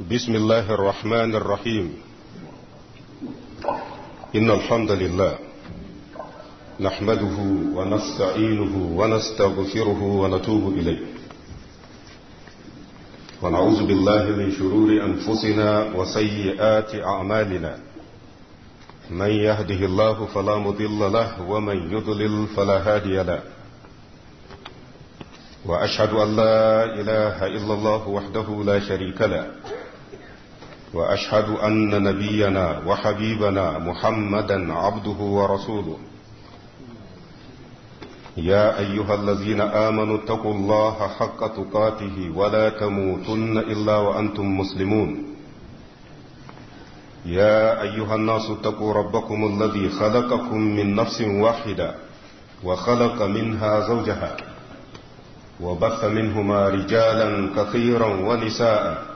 بسم الله الرحمن الرحيم إن الحمد لله نحمده ونستعينه ونستغفره ونتوب إليه ونعوذ بالله من شرور أنفسنا وسيئات أعمالنا من يهده الله فلا مضل له ومن يضلل فلا هادي له وأشهد أن لا إله إلا الله وحده لا شريك له واشهد ان نبينا وحبيبنا محمدا عبده ورسوله يا ايها الذين امنوا اتقوا الله حق تقاته ولا تموتن الا وانتم مسلمون يا ايها الناس اتقوا ربكم الذي خلقكم من نفس واحده وخلق منها زوجها وبث منهما رجالا كثيرا ونساء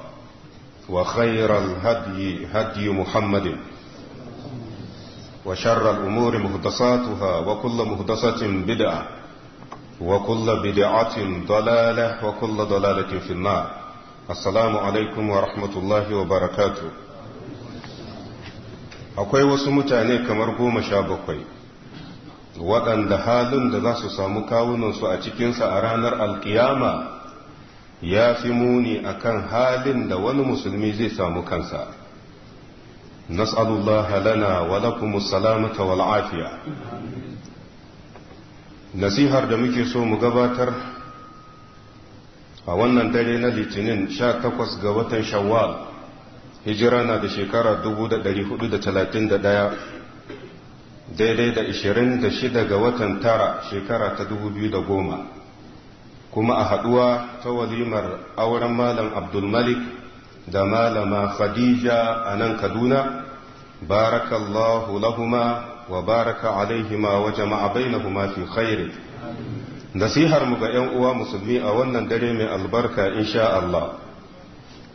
وخير الهدي هدي محمد وشر الأمور مهدساتها وكل مهدسة بدعة وكل بدعة ضلالة وكل ضلالة في النار السلام عليكم ورحمة الله وبركاته akwai wasu mutane kamar goma sha bakwai waɗanda halin da za su samu kawunansu a cikinsa a ranar alkiyama ya fi muni a kan halin da wani musulmi zai samu kansa nas'alullaha lana wa lakum salamata wal afiya nasihar da muke so mu gabatar a wannan dare na litinin 18 ga watan shawwal hijira na da shekara 431 daidai da 26 ga watan tara shekara ta 2010 kuma a haduwa ta walimar auren malam abdulmalik da malama khadija a nan kaduna barakallahu lahuma wa baraka alaihima wa jama'a bainahuma fi khairi nasihar mu ga yan uwa musulmi a wannan dare mai albarka insha Allah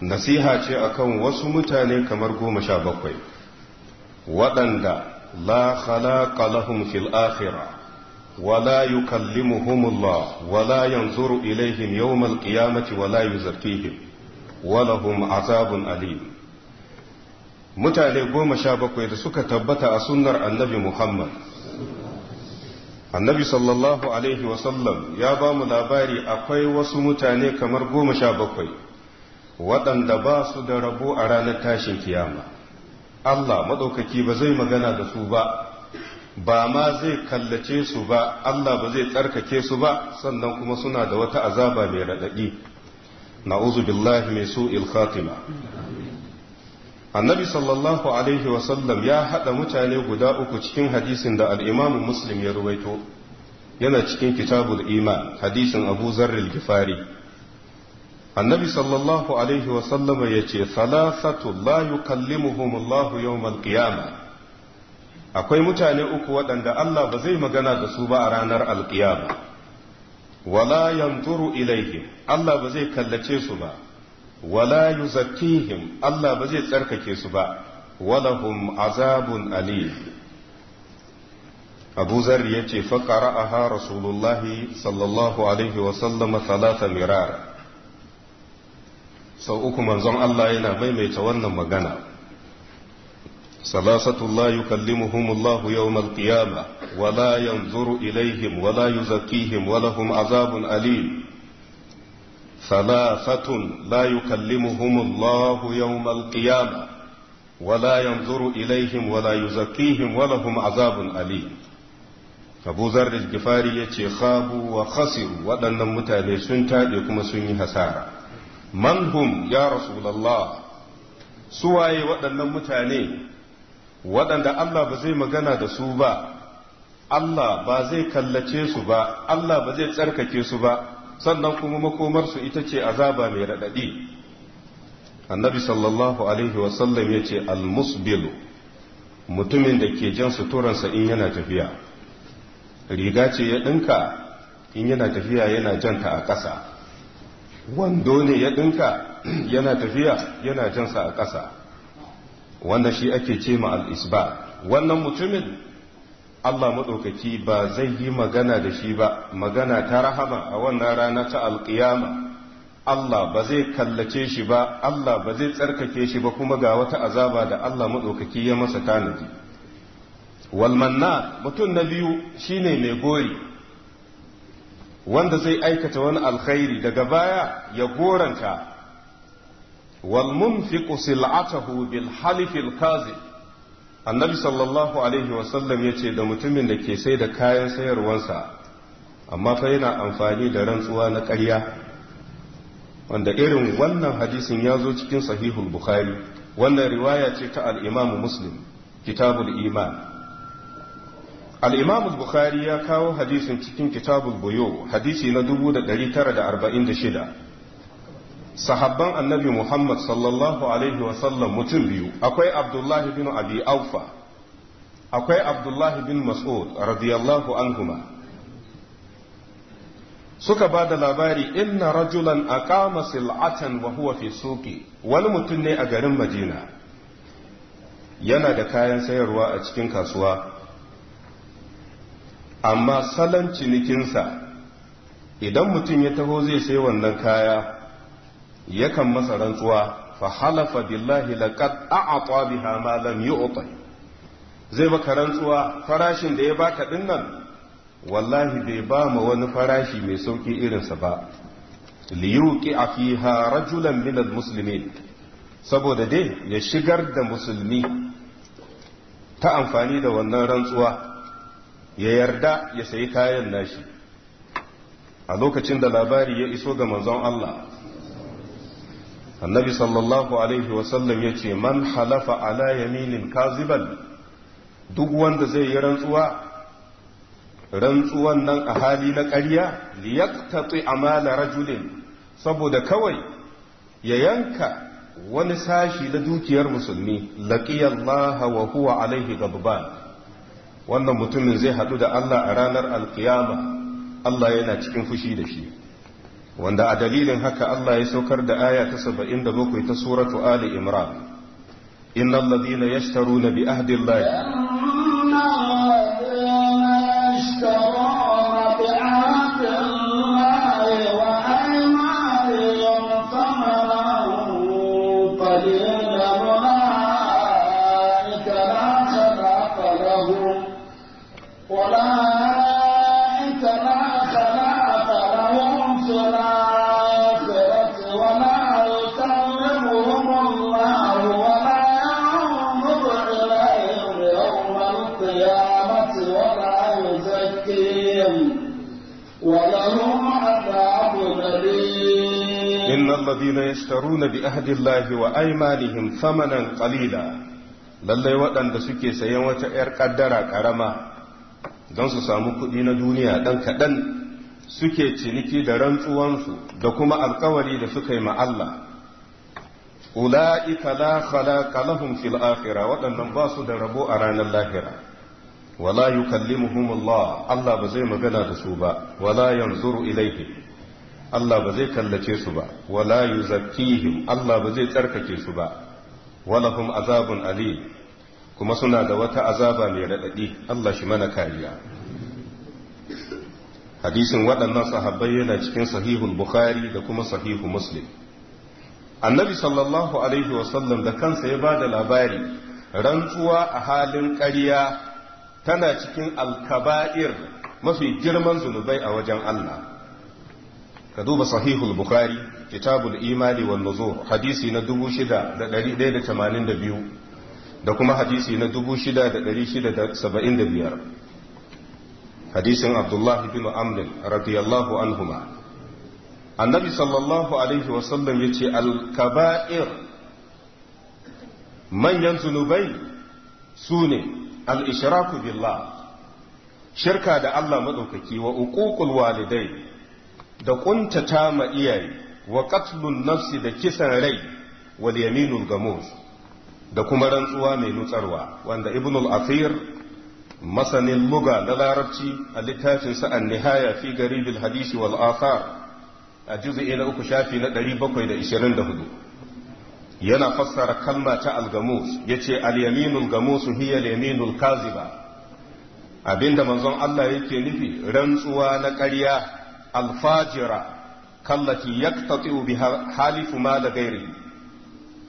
nasiha ce akan wasu mutane kamar goma sha bakwai waɗanda la khalaqa lahum fil akhirah ولا يكلمهم الله ولا ينظر إليهم يوم القيامة ولا يزكيهم ولهم عذاب أليم mutane goma sha bakwai da suka tabbata a sunnar annabi Muhammad. Annabi sallallahu Alaihi wasallam ya bamu labari akwai wasu mutane kamar goma sha bakwai waɗanda ba su da rabo a ranar tashin kiyama. Allah maɗaukaki ba zai magana da su ba, ba ma zai kallace su ba Allah ba zai tsarkake su ba sannan kuma suna da wata azaba mai raɗaɗi na'uzu billahi mai su'il khatima annabi sallallahu alaihi wasallam ya haɗa mutane guda uku cikin hadisin da al'imamin muslim ya ruwaito yana cikin kitabul iman hadisin abu zarril gifari annabi sallallahu alaihi wasallam ya ce salasatu la yukallimuhumullahu yawmal qiyamah akwai mutane uku waɗanda Allah ba zai magana da su ba a ranar alƙiyama wala yanzuru ilaihim Allah ba zai kallace su ba wala yuzakkihim Allah ba zai tsarkake su ba walahum azabun alim Abu Zar faƙara a qara'aha Rasulullahi sallallahu alaihi wa sallama thalatha mirar sau uku manzon Allah yana maimaita wannan magana ثلاثة لا يكلمهم الله يوم القيامة ولا ينظر إليهم ولا يزكيهم ولهم عذاب أليم ثلاثة لا يكلمهم الله يوم القيامة ولا ينظر إليهم ولا يزكيهم ولهم عذاب أليم abu zar da gifari ya ce khabu wa khasiru waɗannan mutane sun taɗe kuma sun yi hasara manhum ya rasulallah suwaye waɗannan mutane waɗanda Allah ba zai magana da su ba Allah ba zai kallace su ba Allah ba zai tsarkake su ba sannan kuma makomarsu ita ce azaba mai raɗaɗi annabi sallallahu alaihi wasallam ya ce almusbilu mutumin da ke jan suturansa in yana tafiya riga ce ya ɗinka in yana tafiya yana janta a ƙasa wando ne ya ɗinka yana tafiya yana jansa a ƙasa wanda shi ake ce ma alisba wannan mutumin Allah maɗaukaki ba zai yi magana da shi ba magana ta rahama a wannan rana ta alƙiyama Allah ba zai kallace shi ba Allah ba zai tsarkake shi ba kuma ga wata azaba da Allah maɗaukaki ya masa tanadi walmanna mutum na biyu shine mai gori wanda zai aikata wani alkhairi daga baya ya goranta wal munfiqu sil'atahu bil halifil kazib annabi sallallahu alaihi wasallam ya ce da mutumin da ke saida kayan sayarwansa amma fa yana amfani da rantsuwa na ƙarya wanda irin wannan hadisin ya zo cikin sahihul bukhari wannan riwaya ce ta al'imamu muslim kitabul iman al'imamu bukhari ya kawo hadisin cikin kitabul buyo hadisi na 1946 sahabban annabi Muhammad sallallahu Alaihi wasallam mutum biyu akwai Abdullahi bin Abi akwai Abdullahi bin Mas'ud radiyallahu anhuma suka ba da labari inna rajulan aqama sil'atan wa huwa fi suqi wani mutum ne a garin Madina yana da kayan sayarwa a cikin kasuwa amma salon cinikinsa idan mutum ya taho zai sai wannan kaya yakan masa rantsuwa fa halafa billahi laqad a'ata biha ma lam yu'ta zai baka rantsuwa farashin da ya baka nan wallahi bai ba ma wani farashi mai sauki irinsa ba liyuki a fiha rajulan minal musulmi saboda dai ya shigar da musulmi ta amfani da wannan rantsuwa ya yarda ya sayi kayan nashi a lokacin da labari ya iso ga manzon Allah annabi sallallahu alaihi wasallam ya ce man halafa ala yaminin kaziban duk wanda zai yi rantsuwa rantsuwan nan a hali na ƙarya liyaktati amala rajulin saboda kawai ya yanka wani sashi na dukiyar musulmi laqiyallaha wa huwa alaihi ghadban wannan mutumin zai hadu da Allah a ranar alkiyama Allah yana cikin fushi da shi wanda a dalilin haka Allah ya saukar da aya ta saba'in da bakwai ta suratu Ali Imran. Inna alladhina yashtaruna bi ahdillahi حكيم ولهم عذاب أليم إن الذين يشترون بأهد الله وأيمانهم ثمنا lallai waɗanda suke sayan wata 'yar ƙaddara ƙarama don su samu kuɗi na duniya ɗan kaɗan suke ciniki da su, da kuma alkawari da suka yi ma'alla ula'ika la khalaqa lahum fil akhirah waɗannan ba su da rabo a ranar lahira wala yukallimuhum Allah Allah ba zai magana da su ba wala yanzuru ilaihi Allah ba zai kallace su ba wala yuzakkihim Allah ba zai tsarkake su ba walahum azabun alim kuma suna da wata azaba mai raɗaɗi. Allah shi mana kariya hadisin waɗannan sahabbai yana cikin sahihul bukhari da kuma sahihu muslim annabi sallallahu alaihi wasallam da kansa ya ba da labari rantsuwa a halin ƙarya tana cikin alkaba'ir mafi girman zunubai a wajen Allah ka duba sahihul bukhari kitabul imani wan nuzur hadisi na 6182 da kuma hadisi na 6675 hadisin abdullah bin amr radiyallahu anhuma annabi sallallahu alaihi wasallam ya ce alkaba'ir manyan zunubai su ne al-ishraku billah shirka da Allah maɗaukaki wa uququl walidai da ƙuntata ma iyaye wa qatlun nafsi da kisan rai wal yaminul gamus da kuma rantsuwa mai nutsarwa wanda ibnul athir masanin luga na larabci a littafin sa'an nihaya fi garibil hadisi wal athar a juzi'i na uku shafi na 724 yana fassara kalma ta algamus ya ce alyaminul gamusu hiya yaminul kaziba abinda manzon Allah yake nufi rantsuwa na ƙarya alfajira kallati yaqtatu bi halifu ma da gairi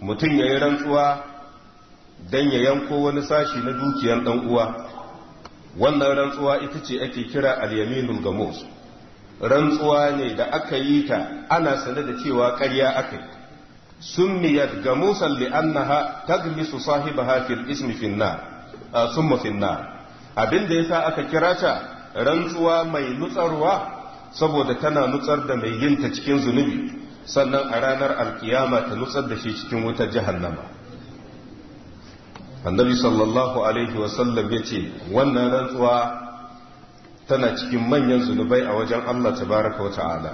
mutum yayi rantsuwa dan ya yanko wani sashi na dukiyar dan uwa wannan rantsuwa ita ce ake kira alyaminul gamus rantsuwa ne da aka yi ta ana sanar da cewa ƙarya aka yi summiyat ga musan صاحبها في الاسم في النار ثم summa finna abin da sa aka kirata rantsuwa mai nutsarwa saboda tana nutsar da mai yinta cikin zunubi sannan a ranar alkiyama ta nutsar da shi cikin wutar jahannama annabi sallallahu alaihi wasallam ya ce wannan rantsuwa tana cikin manyan zunubai a wajen allah tabaraka wa ta'ala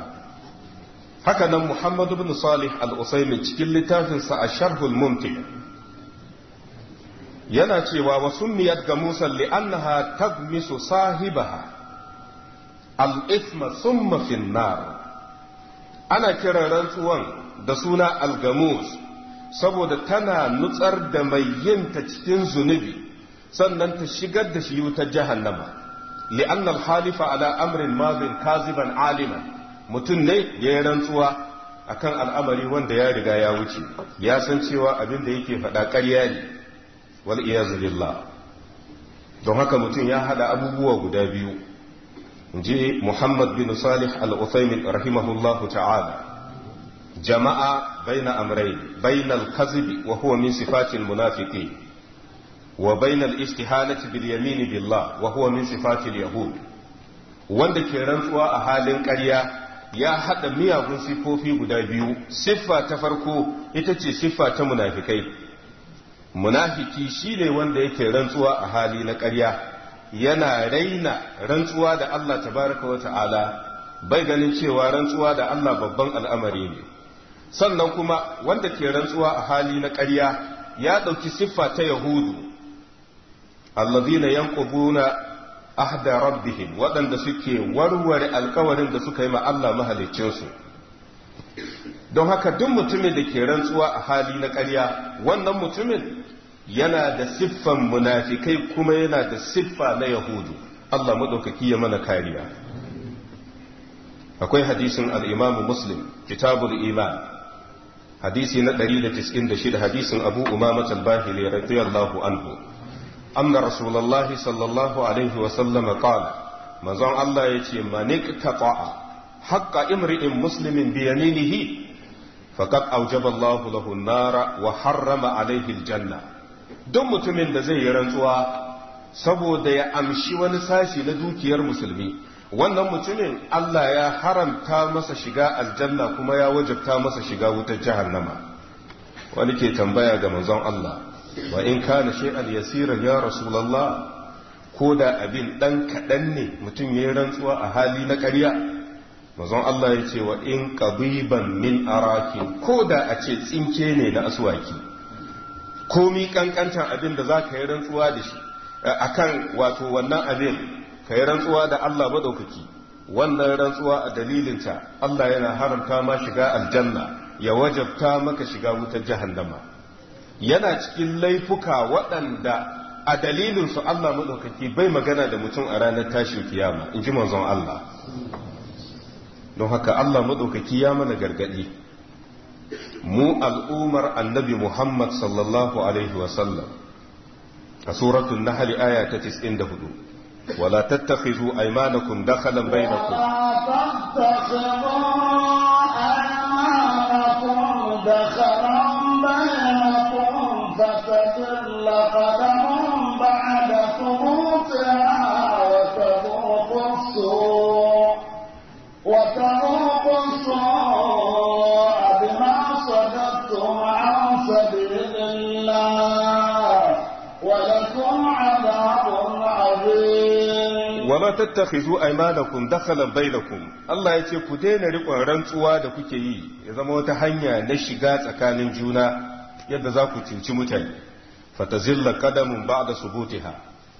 haka nan Muhammad ibn Salih al-Usaimin cikin littafinsa a Sharhul Mumti yana cewa wa summiyat ga Musa li'annaha tagmisu sahibaha al-ithma thumma fi nar ana kiran rantsuwan da suna al-gamus saboda tana nutsar da mai yinta cikin zunubi sannan ta shigar da shi wutar jahannama li'anna al-halifa ala amrin madin kaziban aliman mutum ne ya yi rantsuwa akan al'amari wanda ya riga ya wuce ya san cewa abin da yake faɗa ƙarya ne wal iyazu don haka mutum ya haɗa abubuwa guda biyu ji Muhammad bin Salih al-Uthaymin rahimahullahu ta'ala jama'a baina amrayn bainal al-kadhib wa huwa min sifati Munafiki, wa bainal al-istihalati bil yamin billah wa huwa min sifati al-yahud wanda ke rantsuwa a halin ƙarya ya haɗa miyagun siffofi guda biyu siffa ta farko ita ce siffa ta munafikai munafiki shi ne wanda yake rantsuwa a hali na ƙarya yana raina rantsuwa da Allah baraka wa ta'ala bai ganin cewa rantsuwa da Allah babban al'amari ne sannan kuma wanda ke rantsuwa a hali na ƙarya ya ɗauki siffa ta yahudu allazina na. ahda rabbihim waɗanda suke warware alkawarin da suka yi ma Allah mahaliccinsu don haka duk mutumin da ke rantsuwa a hali na ƙarya wannan mutumin yana da siffan munafikai kuma yana da siffa na yahudu Allah maɗaukaki ya mana kariya akwai hadisin al'imamu muslim kitabul iman hadisi na 196 hadisin abu umama talbahili radiyallahu anhu Amna rasulullahi sallallahu alaihi wasallam qala manzon Allah yace manik taqa'a haqqa imri'in muslimin bi yaminihi faqad awjaba Allahu lahu an-nara wa harrama alaihi al-janna duk mutumin da zai yi rantsuwa saboda ya amshi wani sashi na dukiyar musulmi wannan mutumin Allah ya haramta masa shiga aljanna kuma ya wajabta masa shiga wutar jahannama wani ke tambaya ga manzon Allah wa in kana al yasiran ya rasulullah ko da abin dan kadan ne mutum yayin rantsuwa a hali na ƙarya mazan Allah ya ce wa in ƙabiban min araki ko da a ce tsinke ne na aswaki komi kankantan abin da za ka yi rantsuwa da shi a wato wannan abin ka yi rantsuwa da Allah daukaki wannan rantsuwa a dalilinta Allah yana haramta ma shiga aljanna ya wajabta maka shiga wutar jahannama yana cikin laifuka waɗanda a dalilinsu Allah maɗaukaki bai magana da mutum a ranar tashin kiyama in ji manzon Allah don haka Allah maɗaukaki ya mana gargaɗi mu al'umar annabi Muhammad sallallahu alaihi wasallam a suratun nahali aya ta 94 ولا تتخذوا أيمانكم دخلا بينكم ولا تتخذوا أيمانكم دخلا tattakhizu aymanakum dakhalan bainakum Allah yace ku daina riƙon rantsuwa da kuke yi ya zama wata hanya na shiga tsakanin juna yadda za ku cinci mutane fatazilla qadamun ba'da subutiha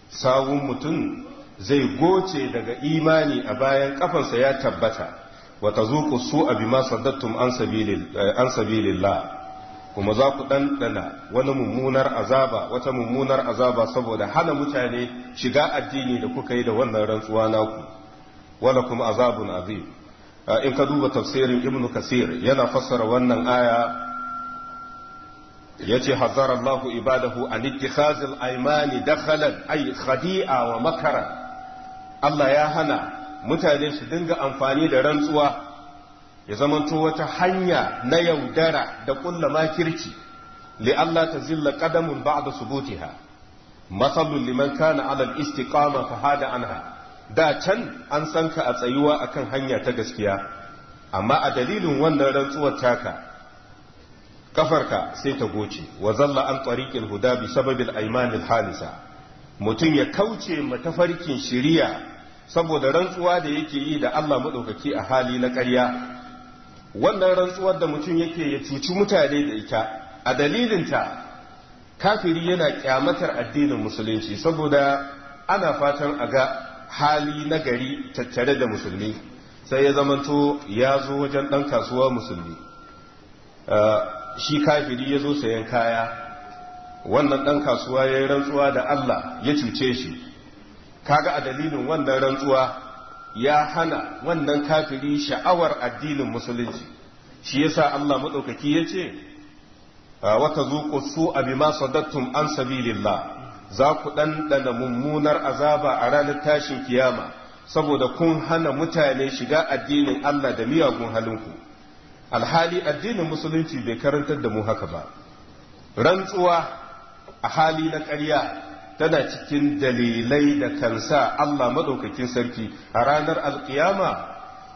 sawun mutum zai goce daga imani a bayan kafansa ya tabbata wa tazuqu su'a bima saddattum eh, an sabilillah kuma za ku ɗanɗana wani mummunar azaba wata mummunar azaba saboda hana mutane shiga addini da kuka yi da wannan rantsuwa naku wala kuma azabun azim in ka duba tafsirin ibnu kasir yana fassara wannan aya ya ce Allahu ibadahu an ittikhazil aymani dakhalan ay khadi'a wa makara Allah ya hana mutane su dinga amfani da rantsuwa ya zamanto wata hanya na yaudara da kulla makirci Allah ta zilla qadamun ba'da subutiha masalun liman kana alal istiqama fa hada anha da can an san ka a tsayuwa akan hanya ta gaskiya amma a dalilin wannan rantsuwar taka kafarka sai ta goce wa zalla an tariqil huda bi sababil aymanil halisa mutum ya kauce matafarkin shiriya saboda rantsuwa da yake yi da Allah madaukaki a hali na ƙarya wannan rantsuwar da mutum yake ya cuci mutane da ita a dalilinta kafiri yana kyamatar addinin musulunci saboda ana fatan a ga hali na gari tattare da musulmi sai ya zamanto ya zo wajen ɗan kasuwa musulmi uh, shi kafiri ya zo sayan kaya wannan ɗan kasuwa ya yi rantsuwa da Allah ya cuce shi kaga a dalilin wannan rantsuwa ya hana wannan kafiri sha'awar addinin musulunci shi yasa Allah maɗaukaki ya ce wata zuƙo su Abima ma an sabilillah za ku ɗanɗana mummunar azaba a ranar tashin kiyama saboda kun hana mutane shiga addinin Allah da miyagun halinku alhali addinin musulunci bai karantar da mu haka ba rantsuwa a hali na ƙarya tana cikin dalilai da kansa Allah madaukakin sarki a ranar alkiyama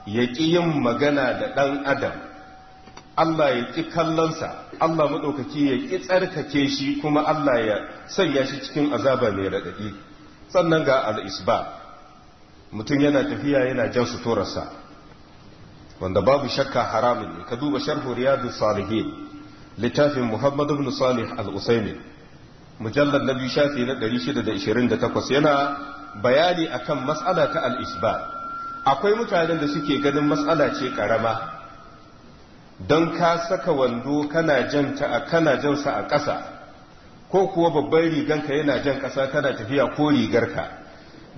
ya ƙi yin magana da ɗan adam Allah ya ƙi kallonsa Allah maɗaukaki ya ƙi tsarkake shi kuma Allah ya sanya shi cikin azaba mai raɗaɗi sannan ga al'isba mutum yana tafiya yana jan suturarsa wanda babu shakka haramun ne ka duba sharhu riyadu salihin littafin muhammadu bin salih al-usaimin mujallar na biyu shafi na 628 yana bayani akan matsala ta al isba akwai mutanen da suke ganin matsala ce karama don ka saka wando kana janta kana jansa a ƙasa ko kuwa babban riganka yana jan ƙasa kana tafiya ko rigar ka.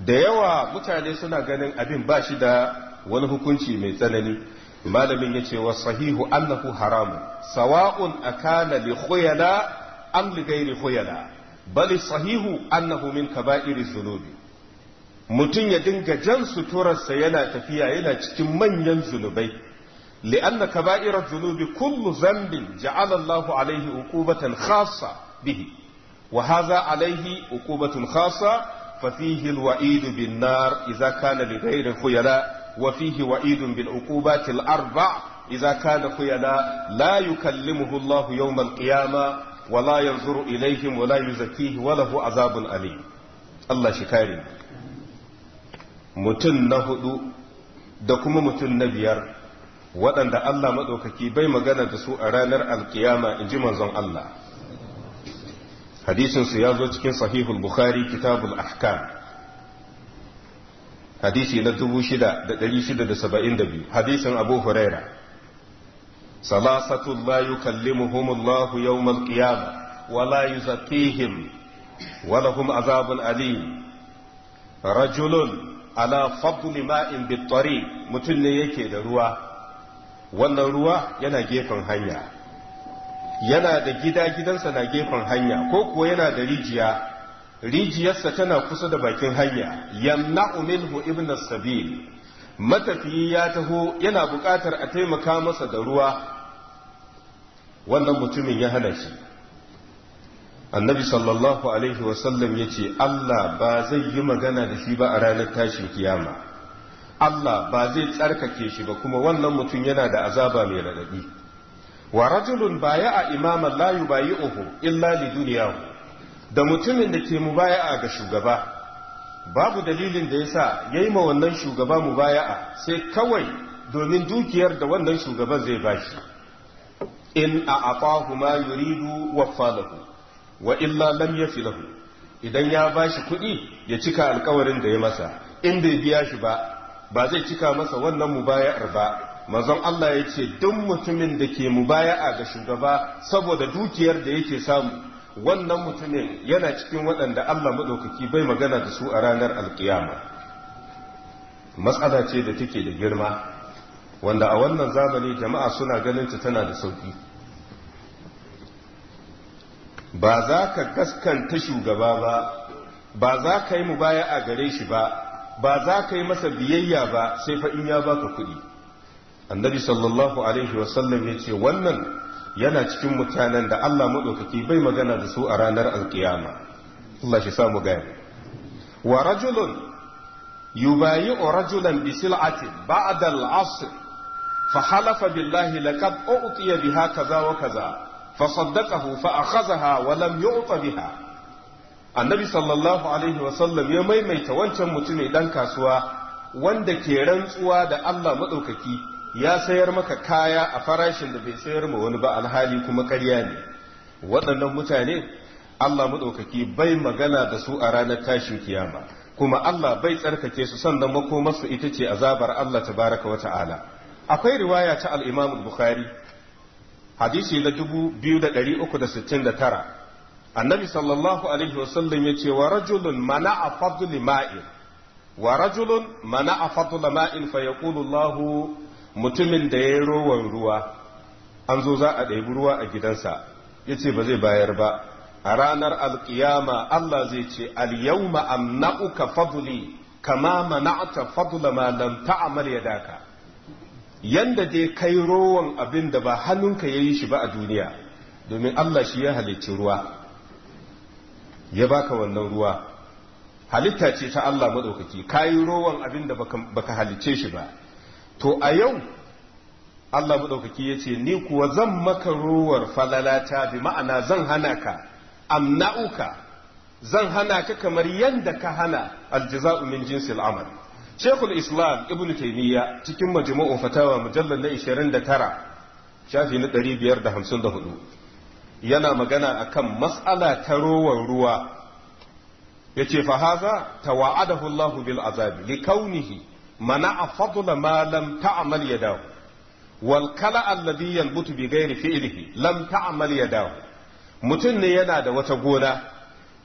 da yawa mutane suna ganin abin ba shi da wani hukunci mai tsanani malamin ya ce wa sahihu annahu haramu. sawa'un akana li khuyala am li ghairi khuyala bal sahihu annahu min kaba'iri dhunubi mutum ya dinga jan suturarsa yana tafiya yana cikin manyan zunubai li'anna kaba'irar zunubi kullu zambin ja'ala Allahu alaihi uqubatan khassa bihi wa haza alaihi uqubatun khassa fa fihi wa'idu bin nar idza kana li ghairi khuyala wa fihi wa'id bil uqubati al arba' idza kana khuyala la yukallimuhu Allahu yawm al qiyamah wala yanzuru ilaihim wala yuzakihi walahu azabun Allah shi mutum na hudu da kuma mutum na biyar waɗanda Allah maɗaukaki bai magana da su a ranar alkiyama in ji manzon Allah hadisinsu ya zo cikin sahihul bukhari kitabul ahkam hadisi na 6672 hadisin abu huraira Salasatul la yukallimuhum Allah yawm al-qiyamah wa la yuzakkihim wa lahum azabun alim rajulun ala fadli ma'in bitari mutum ne yake da ruwa wannan ruwa yana gefen hanya yana da gida gidansa na gefen hanya ko kuwa yana da rijiya rijiyarsa tana kusa da bakin hanya yamna'u minhu ibn sabil matafiyi ya taho yana buƙatar a taimaka masa da ruwa wannan mutumin ya hana shi annabi sallallahu alaihi wasallam ya ce Allah ba zai yi magana da shi ba a ranar tashin kiyama Allah ba zai tsarkake shi ba kuma wannan mutum yana da azaba mai raɗaɗi wa rajulun baya a imaman la yubayi'uhu illa li duniyahu da mutumin da ke mu mubaya'a ga shugaba babu dalilin da ya ya yi ma wannan shugaba mubaya'a sai kawai domin dukiyar da wannan shugaba zai ba shi in a aqahu ma yuridu waffalahu wa illa lam yafi lahu idan ya bashi kuɗi ya cika alkawarin da ya masa in bai biya shi ba ba zai cika masa wannan mubaya'ar ba manzon Allah ya ce duk mutumin da ke mubaya'a ga shugaba saboda dukiyar da yake samu wannan mutumin yana cikin waɗanda Allah maɗaukaki bai magana da su a ranar alkiyama matsala ce da take da girma wanda a wannan zamani jama'a suna ganin ta tana da sauƙi ba za ka kaskanta shugaba ba ba za ka yi mubaya a gare shi ba ba za ka yi masa biyayya ba sai fa in ya baka kuɗi annabi sallallahu alaihi wasallam ya ce wannan yana cikin mutanen da Allah maɗaukaki bai magana da su a ranar alkiyama Allah shi samu gaya wa rajulun yubayi'u rajulan bi sil'atin ba'da al-'asr fa halafa billahi laqad u'tiya biha kaza wa kaza fa saddaqahu fa akhadhaha wa lam yu'ta biha annabi sallallahu alaihi wa sallam ya maimaita wancan ne dan kasuwa wanda ke rantsuwa da Allah maɗaukaki ya sayar maka kaya a farashin da bai sayar ma wani ba alhali kuma ƙarya ne waɗannan mutane Allah maɗaukaki bai magana da su a ranar tashin kiyama kuma Allah bai tsarkake su sannan makomarsu ita ce azabar Allah Ta baraka wa ta'ala akwai riwaya ta al-Imam Bukhari hadisi na 2369 annabi sallallahu alaihi wasallam ya ce wa rajulun mana'a fadli ma'in wa rajulun mana'a fadla ma'in fa yaqulu Allahu mutumin da ya yi rowan ruwa an zo za a ɗaibi ruwa a gidansa ya ce ba zai bayar ba a ranar alkiyama Allah zai ce alyauma amna'uka fadli kama mana'ta fadla ma lam ya daka yanda dai kai rowan abin da ba hannunka ya yi shi ba a duniya domin Allah shi ya halicci ruwa ya baka wannan ruwa halitta ce ta Allah ka yi rowan abin da baka halicce shi ba to a yau Allah maɗaukaki ya ce ni kuwa zan maka ruwar falalata bi ma'ana zan hana ka amna'uka zan hana ka kamar yadda ka hana aljiza'u min jinsil amal Sheikhul Islam Ibn Taymiya cikin majmu'u fatawa mujallar na 29 shafi na 554 yana magana akan mas'ala ta rowar ruwa yace fa haza tawa'adahu Allah bil azabi li kaunihi mana a fadula ma lam ta'amal ya dawo wal kala alladhi yalbutu bi ghairi fi'lihi lam ta'amal ya mutum ne yana da wata gona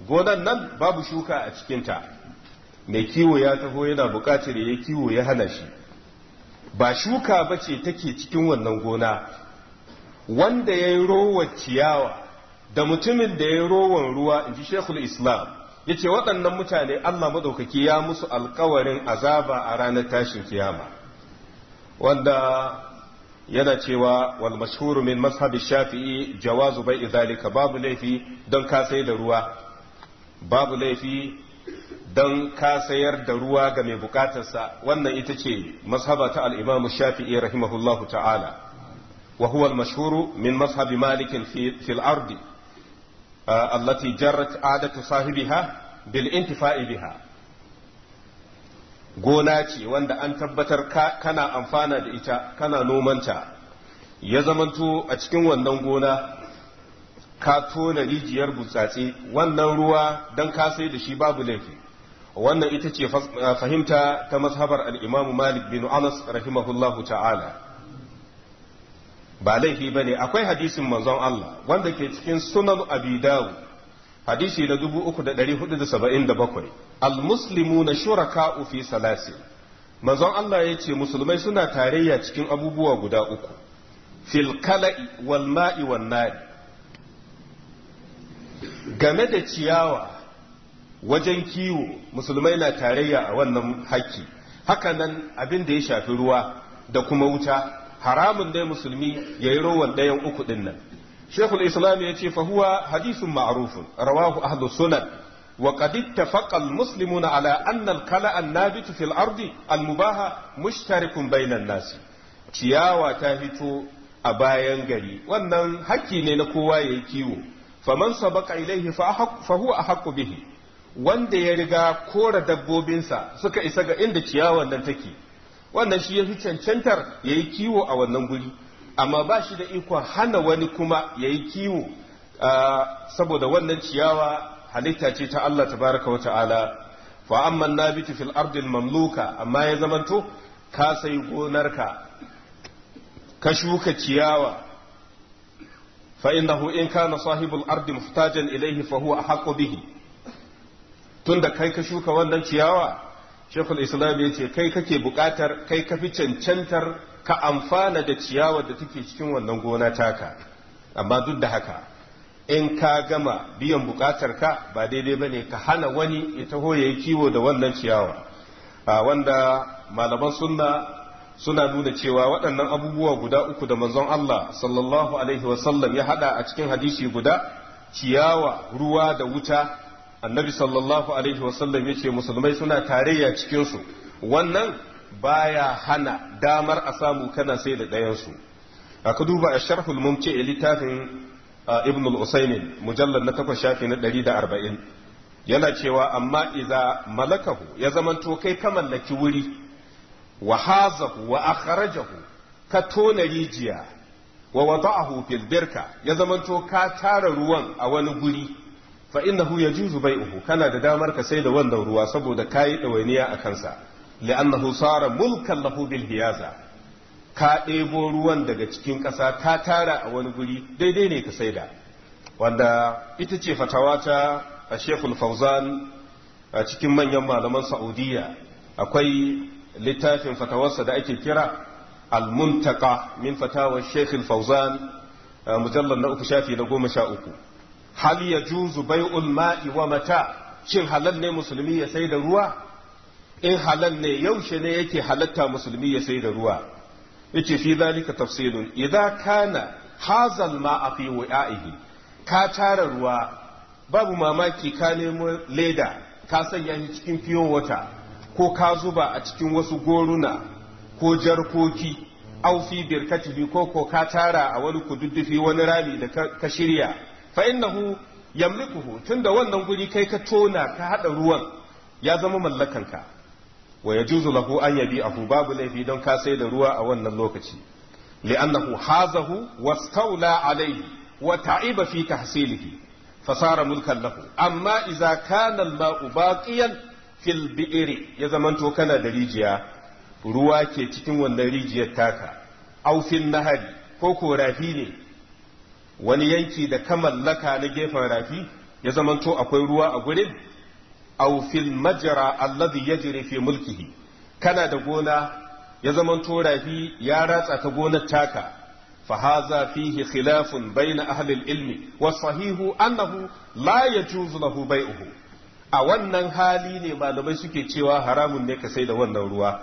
gonan nan babu shuka a cikinta mai kiwo ya taho yana bukatar ya kiwo ya hana shi ba shuka ba ce take cikin wannan gona wanda ya yi rowar ciyawa da mutumin da ya yi rowan ruwa in ji islam yace waɗannan mutane Allah maɗaukaki ya musu alkawarin azaba a ranar tashin kiyama wanda yana cewa wal mashhuru min mazhabi shafi'i jawazu bai'i zalika babu laifi don ka sayar da ruwa babu laifi don ka sayar da ruwa ga mai bukatarsa wannan ita ce mashaba ta al-imamu shafi'i rahimahullahu ta'ala wa huwa al-mashhuru min mashabi malikin fil ardi allati jarrat adatu sahibiha bil intifa'i biha gona ce wanda an tabbatar kana amfana da ita kana nomanta ya zamanto a cikin wannan gona ka tona rijiyar butsatse wannan ruwa don ka sai da shi babu laifi wannan ita ce fahimta ta mazhabar al'imamu malik bin anas rahimahullahu ta'ala ba laifi ba ne akwai hadisin manzon Allah wanda ke cikin sunan abi dawud hadisi da hudu da saba'in da al almuslimu na shuraka fi salasi manzon Allah ya ce musulmai suna tarayya cikin abubuwa guda uku fil kala'i wal game da ciyawa wajen kiwo musulmai na tarayya a wannan haƙƙi hakanan abin da ya shafi ruwa da kuma wuta haramun dai musulmi ya yi rowan ɗayan uku ɗin nan shekul islam ya ce fahuwa hadisun ma'arufun rawahu ahlu sunan wa qad ittafaqa almuslimuna ala anna alkala annabitu fil ardi almubaha mushtarikun bainan nasi ciyawa ta fito a bayan gari wannan hakki ne na kowa yayi kiwo faman sabaqa ilaihi fa huwa ahqqu bihi wanda ya riga kora dabbobinsa suka isa ga inda ciyawan nan take wannan shi ya fi cancantar ya yi kiwo a wannan guri amma ba shi da ikon hana wani kuma ya yi kiwo saboda wannan ciyawa halitta ce ta Allah tabaraka wa ta'ala fa amma nabitu fil ardil mamluka amma ya zamanto ka sai gonarka ka shuka ciyawa fa innahu in kana sahibul ardi muhtajan ilayhi fa huwa ahqqu bihi tunda kai ka shuka wannan ciyawa shekul islam ya ce kai kake bukatar kai kafi cancantar ka amfana da ciyawa da take cikin wannan gona taka amma duk da haka in ka gama biyan bukatar ka ba daidai ba ne ka hana wani ya taho ya yi kiwo da wannan ciyawa wanda malaman sunna suna nuna cewa waɗannan abubuwa guda uku da manzon Allah sallallahu alaihi wasallam ya hada a cikin hadisi guda ciyawa ruwa da wuta annabi sallallahu alaihi wasallam ya ce musulmai suna tarayya cikinsu wannan baya hana damar a samu kana sai da ɗayansu aka duba a sharhul mumci a littafin uh, ibn al usainin mujallar na takwas shafi na 140 yana cewa amma iza malakahu ya zamanto kai ka mallaki wuri wa hazahu wa akharajahu ka tona rijiya wa wada'ahu fil birka ya zamanto ka tara ruwan a wani guri fa innahu yajuzu bai'uhu kana da damar ka sai da wannan ruwa saboda kayi dawainiya a kansa li'annahu sara mulkan lahu bil hiyaza ka ɗebo ruwan daga cikin ƙasa ta tara a wani guri daidai ne ka saida wanda ita ce fatawa ta a shekul fauzan a cikin manyan malaman sa'udiyya akwai littafin fatawarsa da ake kira al-muntaka min fatawa shekul fauzan mujallar na uku shafi na goma sha uku hal ya juzu bai'ul ma'i wa mata shin halal ne musulmi ya sai da ruwa in halal ne yaushe ne yake halatta musulmi ya sai da ruwa yace fi zalika tafsilun idza kana hazal ma'a fi wa'ihi ka tara ruwa babu mamaki ka nemo leda ka sanya shi cikin fiyo wata ko ka zuba a cikin wasu goruna ko jarkoki aufi birkatihi ko ko ka tara a wani kududdufi wani rami da ka shirya fa innahu yamlikuhu tunda wannan guri kai ka tona ka haɗa ruwan ya zama mallakanka wa yajuzu lahu an yabi abu babu laifi don ka sai da ruwa a wannan lokaci li'annahu hazahu wastaula alayhi wa ta'iba fi tahsilihi fasara mulkan lahu amma idza kana al-ma'u baqiyan fil bi'ri ya zamanto kana da rijiya ruwa ke cikin wannan rijiyar taka aw fil nahari ko ko rafi ne wani yanki da ka mallaka na gefen rafi ya zamanto akwai ruwa a gurin aw fil majra alladhi yajri fi mulkihi kana da gona ya zamanto rafi ya ratsa ta gonar taka fa haza fihi khilafun bayna ahli ilmi wa sahihu annahu la yajuzu lahu bai'uhu a wannan hali ne malamai suke cewa haramun ne ka sai da wannan ruwa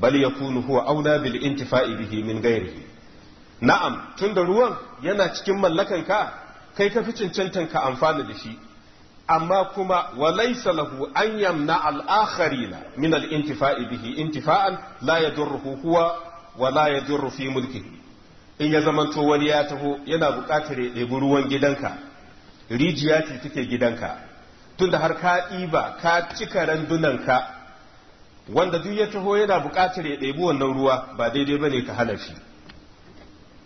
bal yakunu huwa aula bil intifa'i bihi min ghairihi na'am tun da ruwan yana cikin mallakanka kai ka fi cancantan ka amfana da shi amma kuma walaysa lahu an yamna al'akari na. min al'intifa intifai bihi intifa'an la yadurruhu huwa wa la yadurru fi mulki in ya zamanto wani ya taho yana buƙatar ya ɗebi ruwan gidanka rijiya ce take gidanka tunda har ka ba ka cika randunanka wanda duk ya taho yana buƙatar ya ɗebi wannan ruwa ba daidai ba ne ka hana shi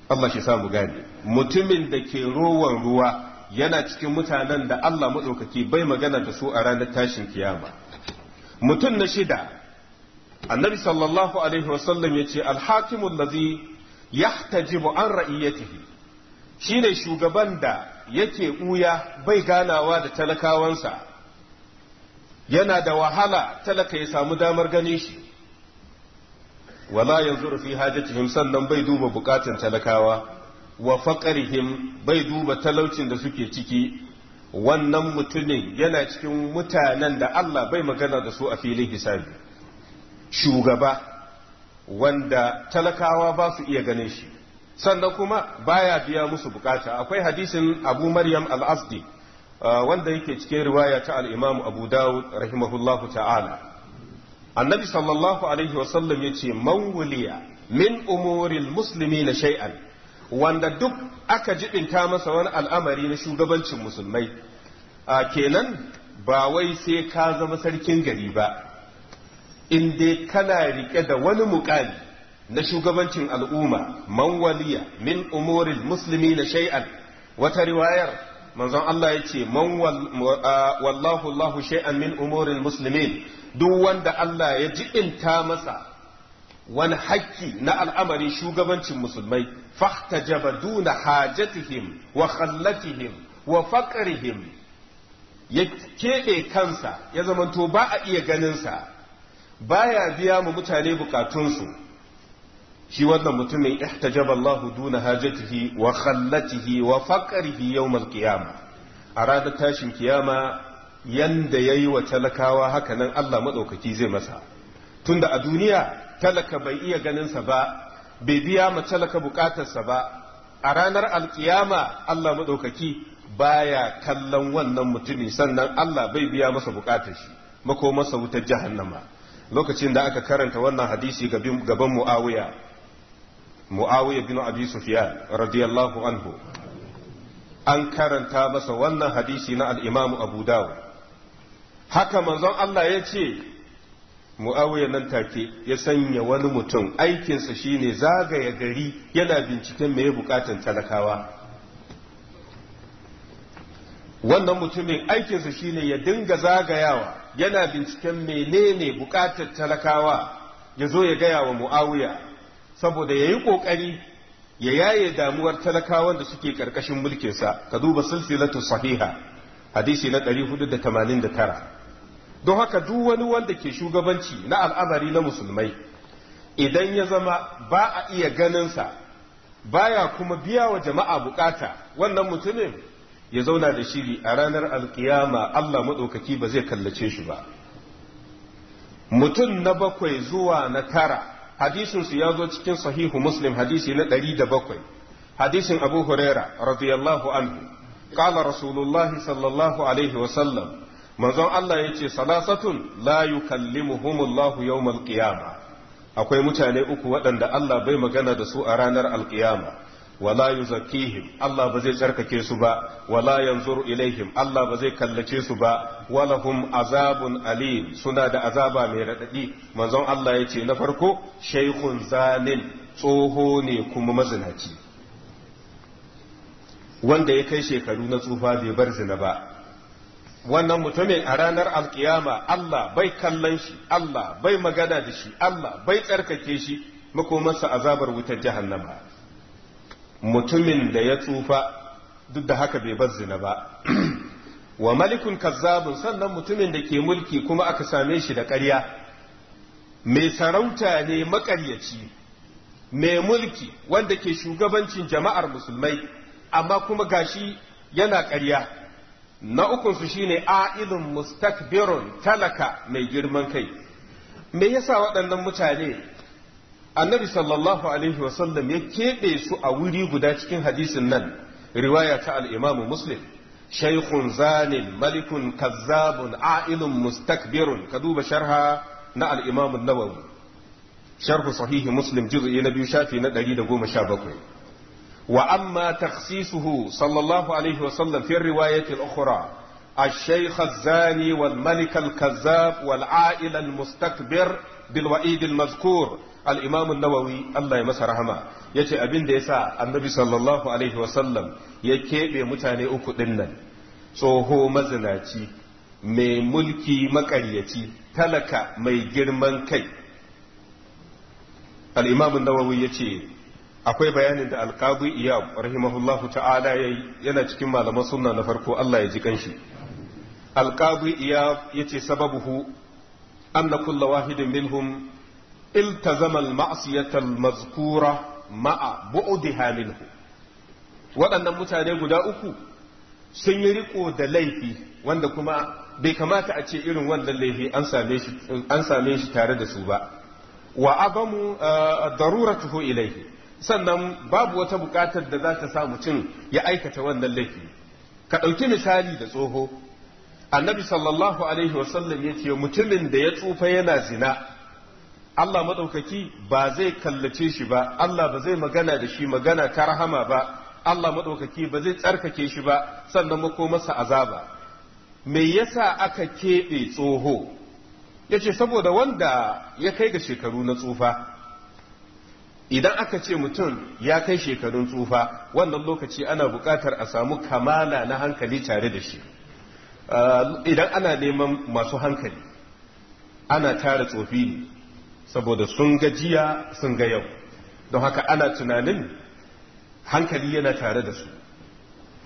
Allah shi samu gane mutumin da ke rowan ruwa yana cikin mutanen da Allah maɗaukaki bai magana da su a ranar tashin kiyama mutum na shida annabi sallallahu alaihi wasallam ya ce alhakimun lazi yahtajibu an Shi shine shugaban da yake ɓuya bai ganawa da talakawansa yana da wahala talaka ya samu damar ganin shi wala yanzuru fi hajatihim sannan bai duba bukatun talakawa wa him bai duba talaucin da suke ciki wannan mutumin yana cikin mutanen da Allah bai magana da su a filin hisabi shugaba wanda talakawa ba su iya ganin shi sannan kuma baya biya musu bukata akwai hadisin Abu Maryam al-Asdi wanda yake cikin riwaya ta al-Imam Abu Dawud rahimahullahu ta'ala annabi sallallahu alaihi wasallam ya ce mawuliya min umurin musulmi na shay'an wanda duk aka jibinta masa wani al'amari na shugabancin musulmai a kenan ba wai sai ka zama sarkin gari ba in dai kana rike da wani mukami na shugabancin al'umma man waliya min umurin musulmi na shay'an wata riwayar manzon Allah ya ce man wallahu Allahu shay'an min umurin musulmin. duk wanda Allah ya ji ta masa wani hakki na al'amarin shugabancin musulmai fahtajaba duna hajatihim wa khallatihim wa ya keɓe kansa ya zamanto ba a iya ganinsa baya biya mu mutane bukatunsu shi wannan mutumin ihtajaba Allah duna hajatihi wa khallatihi wa faqrihi yawm al-qiyamah a ranar tashin kiyama yanda ya yi wa talakawa haka nan Allah maɗaukaki zai masa tunda a duniya talaka bai iya ganinsa ba bai biya ma talaka bukatarsa ba a ranar alkiyama Allah maɗaukaki baya kallon wannan mutumi sannan Allah bai biya masa bukatar shi makomarsa wutar jahannama lokacin da aka karanta wannan hadisi gaban mu'awiya mu'awiya bin abi sufyan radiyallahu anhu an karanta masa wannan hadisi na al-imamu abu dawud haka manzon Allah ya ce mu'awiyan nan take ya sanya wani mutum aikinsa shine zagaya gari yana binciken mai bukatan talakawa wannan mutumin aikinsa shine ya dinga zagayawa yana binciken menene bukatar talakawa ya zo ya gaya wa mu'awiya saboda ya yi ƙoƙari ya yaye damuwar talakawan da suke ƙarƙashin mulkinsa ka duba silsilatu sahiha hadisi na 489 don haka duk wani wanda ke shugabanci na al'amari na musulmai idan ya zama ba a iya ganinsa baya kuma biya wa jama'a bukata wannan mutumin ya zauna da shiri a ranar alkiyama Allah maɗaukaki ba zai kallace shi ba mutum na bakwai zuwa na tara hadisinsu ya zo cikin sahihu muslim hadisi na ɗari da bakwai hadisin abu huraira radiyallahu anhu qala rasulullahi sallallahu alaihi wasallam manzon Allah ya ce salasatun la yukallimuhumullahu yawmal qiyama akwai mutane uku waɗanda Allah bai magana da su a ranar alkiyama wala yuzakkihim Allah ba zai tsarkake su ba wala yanzuru ilaihim Allah ba zai kallace su ba walahum azabun alim suna da azaba mai radadi manzon Allah ya ce na farko shaykhun zalim tsoho ne kuma mazinaci wanda ya kai shekaru na tsufa bai bar zina ba wannan mutumin a ranar alkiyama Allah bai kallon shi Allah bai magana da shi Allah bai tsarkake shi makomansa azabar wutar jahannama mutumin da ya tsufa duk da haka bai bar zina ba wa malikun kazzabun sannan mutumin da ke mulki kuma aka same shi da ƙarya mai sarauta ne maƙaryaci mai mulki wanda ke shugabancin jama'ar musulmai amma kuma gashi yana ƙarya na ukunsu shine a'ilun mustakbirun talaka mai girman kai me yasa waɗannan mutane annabi sallallahu alaihi wasallam ya keɓe su a wuri guda cikin hadisin nan riwaya ta al'imamu muslim shaikhun zanin malikun kazzabun a'ilun mustakbirun ka duba sharha na al'imamun nawawi sharhu sahihi muslim juz'i na biyu shafi na bakwai. وأما تخصيصه صلى الله عليه وسلم في الرواية الأخرى الشيخ الزاني والملك الكذاب والعائل المستكبر بالوعيد المذكور الإمام النووي الله يمسى رحمه يتي أبن ديسا النبي صلى الله عليه وسلم يكيب متاني أكو دنن tsoho mazinaci mai mulki makaryaci talaka mai girman kai al'imamun nawawi ya ce akwai bayanin da alqadi iyab rahimahullahu ta'ala yayi yana cikin malaman sunna na farko Allah ya ji kanshi alqadi iyab yace sababuhu anna kullu wahidin minhum iltazama al-ma'siyata al-mazkura ma'a bu'diha minhu waɗannan mutane guda uku sun yi riko da laifi wanda kuma bai kamata a ce irin wannan laifi an same shi tare da su ba wa abamu eh, daruratuhu ilaihi sannan babu wata buƙatar da za ta sa mutum ya aikata wannan laifi ka ɗauki misali da tsoho annabi sallallahu alaihi wasallam ya ce mutumin da ya tsufa yana zina Allah maɗaukaki ba zai kallace shi ba Allah ba zai magana da shi magana ta rahama ba Allah maɗaukaki ba zai tsarkake shi ba sannan mako masa azaba me yasa aka keɓe tsoho ya ce saboda wanda ya kai ga shekaru na tsufa idan aka ce mutum ya kai shekarun tsufa wannan lokaci ana buƙatar a samu kamala na hankali tare da shi uh, idan ana neman masu hankali ana tara tsofi ne saboda sun gajiya sun ga yau don haka ana tunanin hankali yana tare da su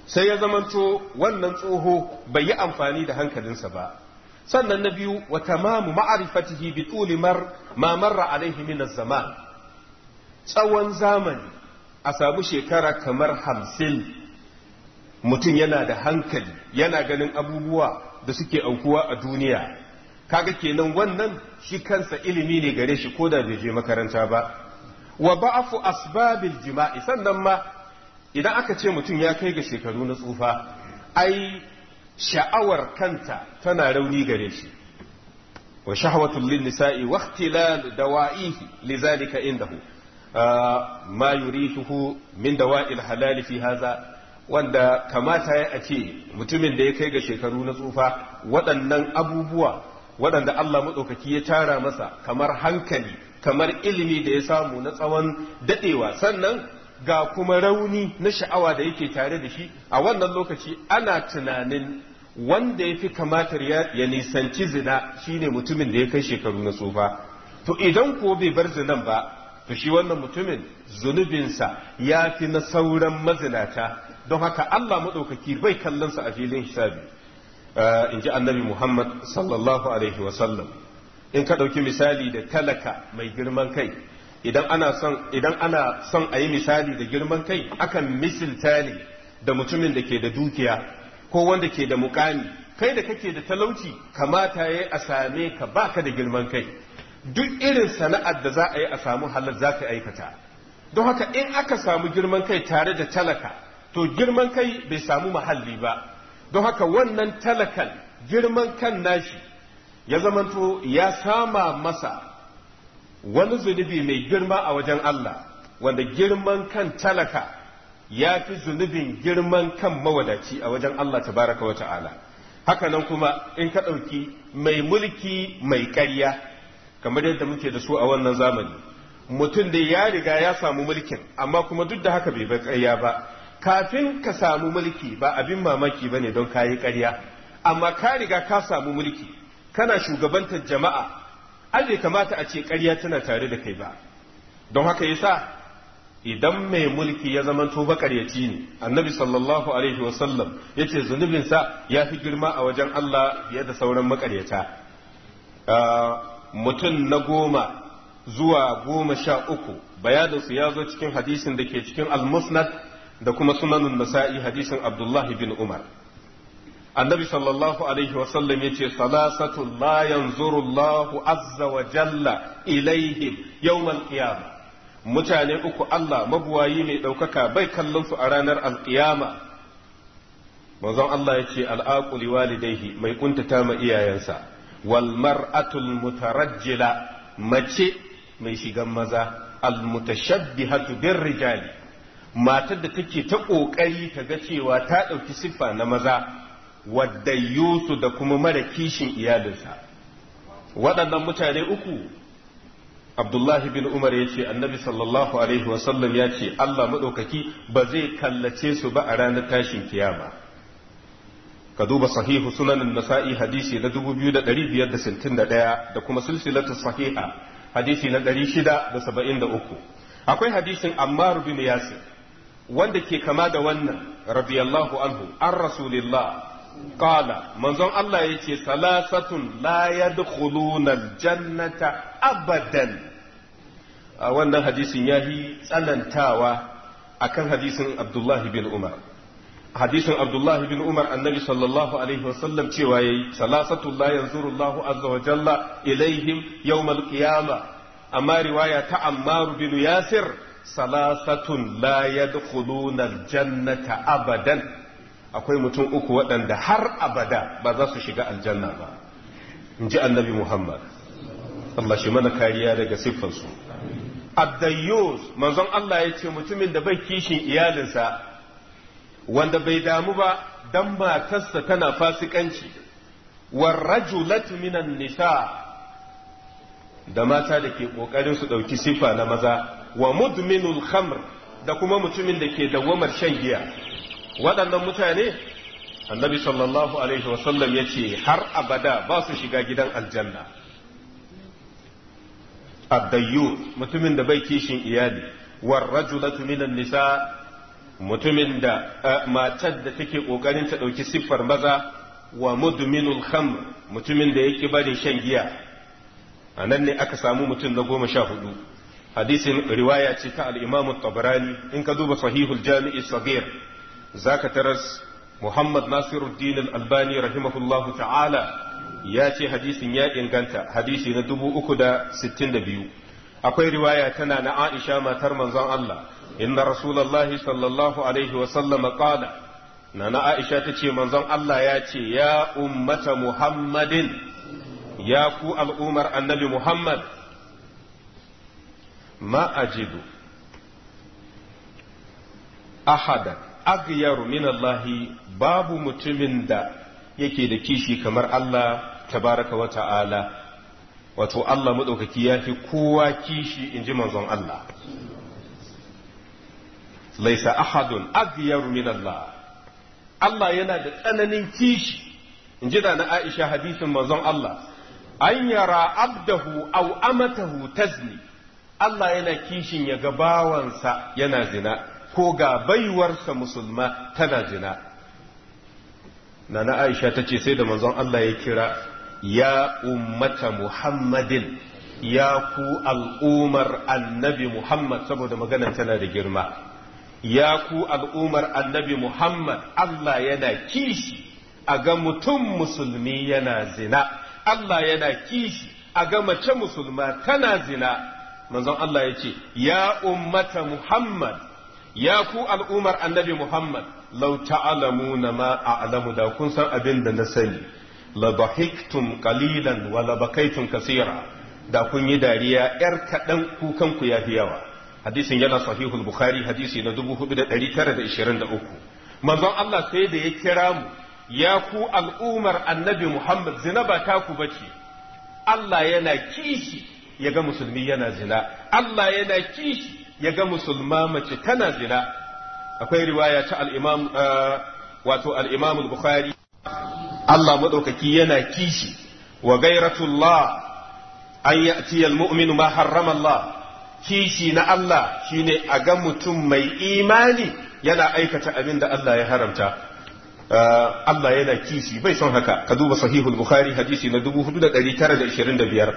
sai ya zamanto wannan tsoho bai yi amfani da hankalinsa ba sannan na biyu wa tamamu ma'arifatihi bi tuli mar alaihi min zaman tsawon zamani a samu shekara kamar hamsin mutum yana da hankali yana ganin abubuwa da suke aukuwa a duniya kaga kenan wannan shi kansa ilimi ne gare shi ko da bai je makaranta ba wa ba'afu asbabil jima'i sannan ma idan aka ce mutum ya kai ga shekaru na tsufa ai sha'awar kanta tana rauni gare shi wa shahwatul lin nisa'i wa ikhtilal dawa'ihi lizalika indahu ma yurituhu min dawa'il halal fi haza wanda kamata ya ce mutumin da ya kai ga shekaru na tsufa waɗannan abubuwa waɗanda Allah maɗaukaki ya tara masa kamar hankali kamar ilimi da ya samu na tsawon daɗewa sannan ga kuma rauni na sha'awa da yake tare da shi a wannan lokaci ana tunanin wanda ya fi kamatar ya nisanci zina shine mutumin da ya kai shekaru na tsufa to idan ko bai bar zinan ba to shi wannan mutumin zunubinsa ya fi na sauran mazinata don haka Allah maɗaukaki bai kallonsa a filin hisabi eh, in ji annabi Muhammad sallallahu alaihi wasallam in ka ɗauki misali da talaka mai girman kai idan ana son a yi misali da girman kai akan misilta ne da mutumin da ke da dukiya ko wanda ke da mukami kai da kake da talauci kamata ya yi a same ka baka da girman kai duk irin sana'ar da za a yi a samu halal za ka aikata don haka in aka samu girman kai tare da talaka to girman kai bai samu mahalli ba don haka wannan talakan girman kan nashi ya zamanto ya sama masa wani zunubi mai girma a wajen Allah wanda girman kan talaka ya fi zunubin girman kan mawadaci a wajen Allah tabaraka wa ta'ala haka nan kuma in ka ɗauki mai mulki mai ƙarya kamar yadda muke da su a wannan zamani mutum da ya riga ya samu mulkin amma kuma duk da haka bai bar ƙarya ba kafin ka samu mulki ba abin mamaki ba ne don ka yi ƙarya amma ka riga ka samu mulki kana shugabantar jama'a an bai kamata a ce ƙarya tana tare da kai ba don haka yasa idan mai mulki ya zamanto baƙaryaci ne annabi sallallahu alaihi wasallam ya ce zunubinsa ya fi girma a wajen Allah fiye da sauran maƙaryata ah, mutum na goma zuwa goma sha uku bayaninsu ya zo cikin hadisin da ke cikin almusnad da kuma sunanin nasa'i hadisin abdullahi bin umar annabi sallallahu alaihi wasallam ya ce salasatu la yanzuru azza wa jalla ilaihim yawmal qiyama mutane uku Allah mabuwayi mai ɗaukaka bai kallon su a ranar alƙiyama manzon Allah ya ce al'aqu walidaihi mai kuntata ma iyayensa wal mar'atul mutarajjila mace mai shigan maza al mutashabbihatu bir rijali matar da take ta ƙoƙari ta ga cewa ta ɗauki siffa na maza wadda yusu da kuma mara kishin iyalinsa waɗannan mutane uku abdullahi bin umar ya ce annabi sallallahu alaihi wasallam ya ce allah maɗaukaki ba zai kallace su ba a ranar tashin kiyama ka duba sahihu sunan nasa'i hadisi na 2561 da kuma silsilatu sahiha hadisi na 673 akwai hadisin ammar bin yasir wanda ke kama da wannan radiyallahu anhu an rasulillah qala manzon Allah yace salasatun la yadkhuluna aljannata abadan wannan hadisin yahi tsanantawa akan hadisin Abdullahi bin Umar hadisin abdullahi bin umar annabi sallallahu alaihi wasallam cewa yayi salasatullah yanzurullahu azza wa jalla ilaihim yawmal qiyama amma riwaya ta ammar bin yasir salasatun la yadkhuluna aljannata abadan akwai mutum uku waɗanda har abada ba za su shiga aljanna ba in ji annabi muhammad Allah shi mana kariya daga siffansu addayyus manzon Allah ya ce mutumin da bai kishin iyalinsa wanda bai damu ba dan matarsa tana fasikanci warrajulatu minan nisa da mata da ke kokarin su dauki sifa na maza wa mudminul khamr da kuma mutumin da ke dawamar shan giya waɗannan mutane annabi sallallahu alaihi wasallam ya ce har abada ba su shiga gidan aljanna addayyu mutumin da bai kishin iyali warrajulatu minan nisa mutumin da eh, matar da take ƙoƙarin ta ɗauki siffar maza wa muduminu khamr mutumin da yake barin shan giya a nan ne aka samu mutum na goma sha hudu hadisin riwaya ce ta al-imam tabarani in ka duba sahihul jami'i sagir zaka taras muhammad nasiruddin albani rahimahullahu ta'ala ya ce hadisin ya inganta hadisi na dubu uku da sittin da biyu akwai riwaya tana na aisha matar manzon allah inna rasulullahi sallallahu alaihi wasallam qala nana aisha ta ce manzon Allah ya ce ya ummata muhammadin ya ku al'ummar annabi muhammad ma ajidu ahada aghyaru minallahi babu mutumin da yake da kishi kamar Allah tabaraka wa ta'ala wato Allah madaukaki ya fi kowa kishi inji manzon Allah laisa ahadun aghyar min Allah Allah yana da tsananin kishi in ji da na Aisha hadisin manzon Allah an yara abdahu aw amatahu tazni Allah yana kishin ya ga bawansa yana zina ko ga baiwarsa musulma tana zina Nana Aisha ta ce sai da manzon Allah ya kira ya ummata Muhammadin ya ku al'umar annabi Muhammad saboda magana tana da girma ya ku al'umar annabi Muhammad Allah yana kishi a ga mutum musulmi yana zina Allah yana kishi a ga mace musulma tana zina manzon Allah ya ce ya ummata Muhammad ya ku al'umar annabi Muhammad lau ta'alamuna ma a'lamu da kun san abin da na sani la kalilan qalilan wa la bakaytum da kun yi dariya yar kadan kukan ku yafi yawa hadisin yana sahihul bukhari hadisi na 4923 manzon Allah sai da ya kira mu ya ku al'umar annabi Muhammad zina ba taku bace Allah yana kishi ya ga musulmi yana zina Allah yana kishi ya ga musulma mace tana zina akwai riwaya ta al uh, wato al bukhari Allah madaukaki yana kishi wa gairatullah an ya'ti al-mu'minu ma harrama Allah kishi na Allah shine a ga mutum mai imani yana aikata abin da Allah ya haramta uh, Allah yana kishi bai son haka ka duba sahihul bukhari hadisi na 4925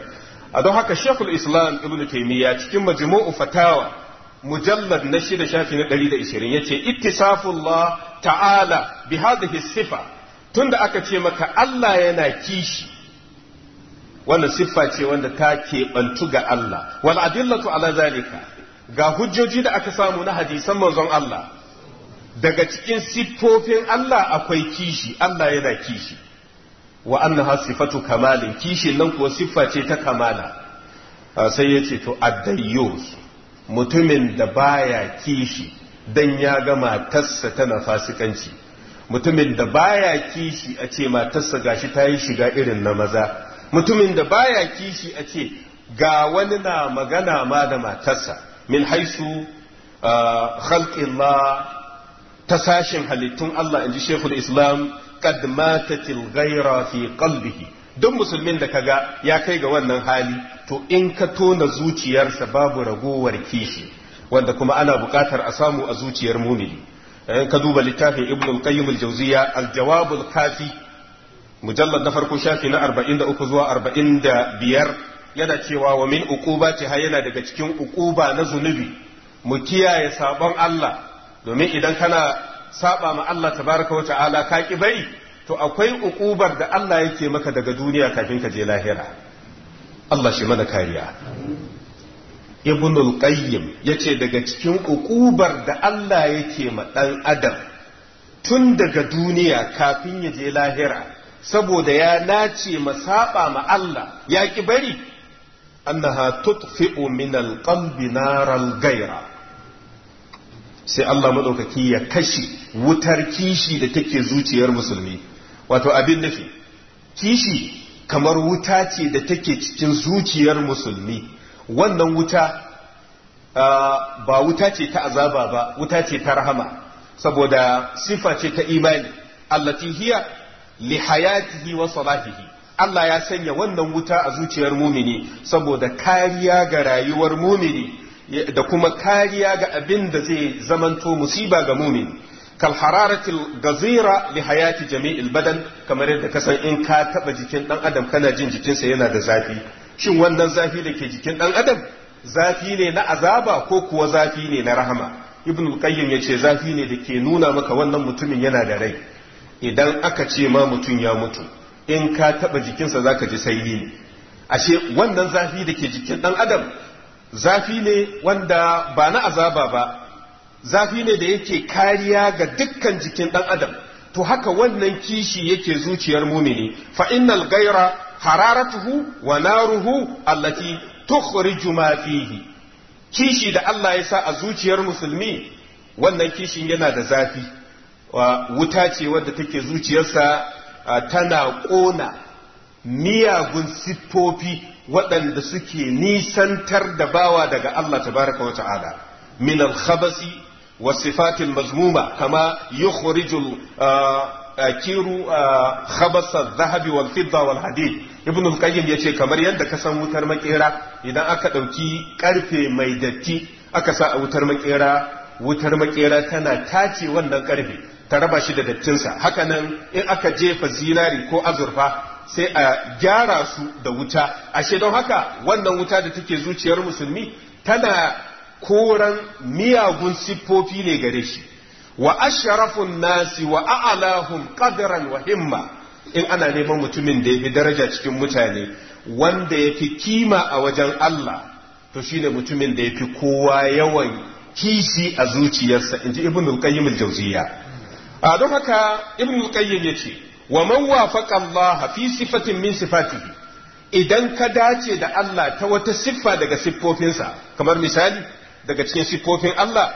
a don haka shekul islam ibn taimiyya cikin majmu'u fatawa mujallad na shida shafi na 120 yace ittisafullah ta'ala bi hadhihi sifa tunda aka ce maka Allah yana kishi wannan siffa ce wanda ta keɓantu ga Allah wal adillatu ala zalika ga hujjoji da aka samu na hadisan manzon Allah daga cikin siffofin Allah akwai kishi Allah yana kishi wa annaha sifatu kamalin kishi nan kuwa siffa ce ta kamala sai ya ce to addayyus mutumin da baya kishi dan ya ga matarsa tana fasikanci mutumin da baya kishi a ce matarsa gashi ta yi shiga irin na maza mutumin da baya kishi a ce ga wani na magana ma da matarsa min haisu ah, khalqillah ta sashin halittun Allah inji Sheikhul Islam kad matatil ghaira fi qalbihi duk musulmin da kaga ya kai ga wannan hali to in ka tona zuciyarsa babu ragowar kishi wanda kuma ana bukatar a samu a zuciyar mumini eh, ka duba littafin Ibn al-Qayyim al jawziya al-Jawab al-Kafi Mujallar na farko shafi na 43 zuwa 45 yana cewa wa min uqubati ha yana daga cikin uquba na zunubi mu kiyaye sabon Allah domin idan kana saba ma Allah tabaraka wata'ala ka ki bai to akwai uqubar da Allah yake maka daga duniya kafin ka je lahira Allah shi mana kariya Ibn ibnul qayyim yace daga cikin uqubar da Allah yake ma dan adam tun daga duniya kafin ya je lahira saboda ya nace masaba ma Allah ya ki bari annaha tutfi'u min alqalbi naral gaira sai Allah madaukaki ya kashe wutar kishi da take zuciyar musulmi wato abin nufi kishi kamar wuta ce da take cikin zuciyar musulmi wannan wuta ba wuta ce ta azaba ba wuta ce ta rahama saboda sifa ce ta imani allati hiya li hayatihi wa salatihi Allah ya sanya wannan wuta a zuciyar mumini saboda kariya ga rayuwar mumini da kuma kariya ga abin da zai zamanto musiba ga mumini kal hararatil gazira li hayati jami'il badan kamar yadda ka san in ka taba jikin dan adam kana jin jikinsa yana da zafi shin wannan zafi da ke jikin dan adam zafi ne na azaba ko kuwa zafi ne na rahama ibn qayyim yace zafi ne da ke nuna maka wannan mutumin yana da rai idan aka ce ma mutum ya mutu in ka taba jikinsa za ka ji sanyi ashe wannan zafi da ke jikin ɗan adam zafi ne wanda ba na azaba ba zafi ne da yake kariya ga dukkan jikin ɗan adam to haka wannan kishi yake zuciyar mumini fa innal gaira hararatuhu wa naruhu allati tukhriju ma fihi kishi da Allah ya sa a zuciyar musulmi wannan kishin yana da zafi wuta ce wadda take zuciyarsa tana ƙona miyagun siffofi waɗanda suke nisantar da bawa daga Allah tabaraka wa ta'ala min al-khabasi wa sifatil mazmuma kama yukhrijul akiru khabasa zahabi wal fidda wal hadid ibn al-qayyim yace kamar yadda ka san wutar makera idan aka dauki karfe mai datti aka sa a wutar makera wutar makera tana tace wannan karfe ta raba shi da dattinsa hakanan in aka jefa zinari ko azurfa sai a gyara su da wuta ashe don haka wannan wuta da take zuciyar musulmi tana koran miyagun siffofi ne gare shi wa asharafun nasi wa a'alahum qadran wa himma in ana neman mutumin da yafi daraja cikin mutane wanda yafi fi kima a wajen Allah to shine mutumin da yafi kowa yawan kishi a zuciyarsa inji ibnu qayyim al-jawziyya a don haka ibn qayyim yace wa man wafaqa Allah fi sifatin min sifatihi idan ka dace da Allah ta wata siffa daga siffofinsa kamar misali daga cikin siffofin Allah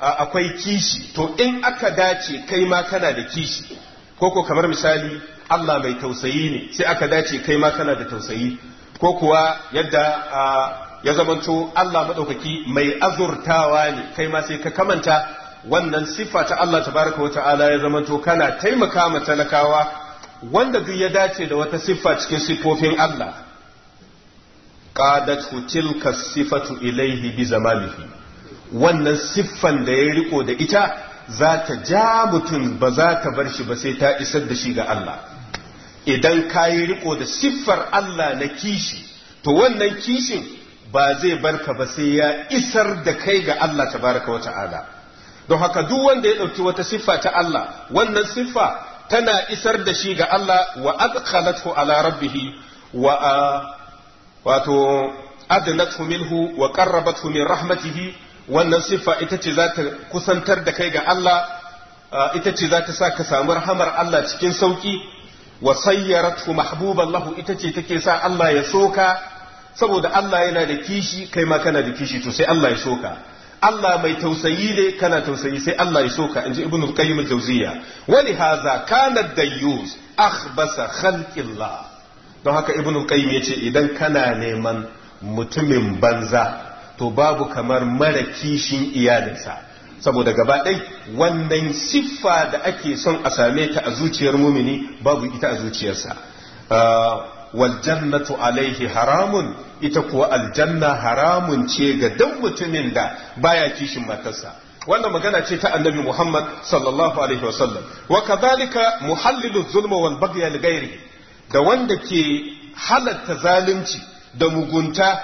akwai kishi to in aka dace kai ma kana da kishi koko kamar misali Allah mai tausayi ne sai aka dace kai ma kana da tausayi ko kuwa yadda ya zamanto Allah maɗaukaki mai azurtawa ne kai ma sai ka kamanta wannan siffa ta Allah tabaraka wa ta'ala ya to kana taimaka ma talakawa wanda duk ya dace da wata siffa cikin siffofin Allah qadatu tilka sifatu ilaihi bi zamanihi wannan siffan da ya riko da ita za ta ja mutum ba za ta bar shi ba sai ta isar da shi ga Allah idan ka yi riko da siffar Allah na kishi to wannan kishin ba zai barka ba sai ya isar da kai ga Allah tabaraka wa ta'ala don haka duk wanda ya ɗauki wata siffa ta Allah wannan siffa tana isar da shi ga Allah wa adkhalathu ala rabbih wa wato adnathu minhu wa qarrabathu min rahmatihi wannan siffa ita ce za ta kusantar da kai ga Allah ita ce za ta sa ka samu rahamar Allah cikin sauki wa sayyarathu mahbuban lahu ita ce take sa Allah ya soka saboda Allah yana da kishi kai ma kana da kishi to sai Allah ya soka Allah mai tausayi ne kana tausayi sai Allah ya soka inji ibn al-qayyim al-jawziya wali hadha kana dayyus akhbasa khalqillah don haka ibn al-qayyim yace idan kana neman mutumin banza to babu kamar mara kishin iyalinsa saboda gaba ɗaya wannan siffa da ake son a same ta a zuciyar mumini babu ita a zuciyarsa ah, Waljannatu alaihi haramun ita kuwa aljanna haramun ce ga duk mutumin da baya kishin matarsa wannan magana ce ta annabi Muhammad sallallahu alaihi wasallam wa kadhalika muhallilu zulma wal baghya li ghairi da wanda ke halatta zalunci da mugunta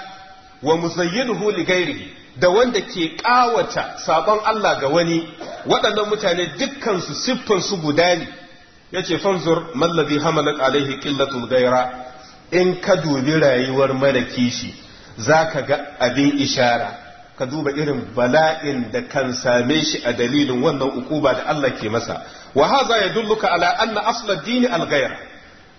wa muzayyinuhu li ghairihi da wanda ke kawata sabon Allah ga wani waɗannan mutane dukkansu siffan su guda ne yace fanzur mallazi hamalat alaihi qillatul ghaira in ka dubi rayuwar mara kishi za ka ga abin ishara ka duba irin bala'in da kan same shi a dalilin wannan ukuba da Allah ke masa wa haza dulluka ala anna asla dini al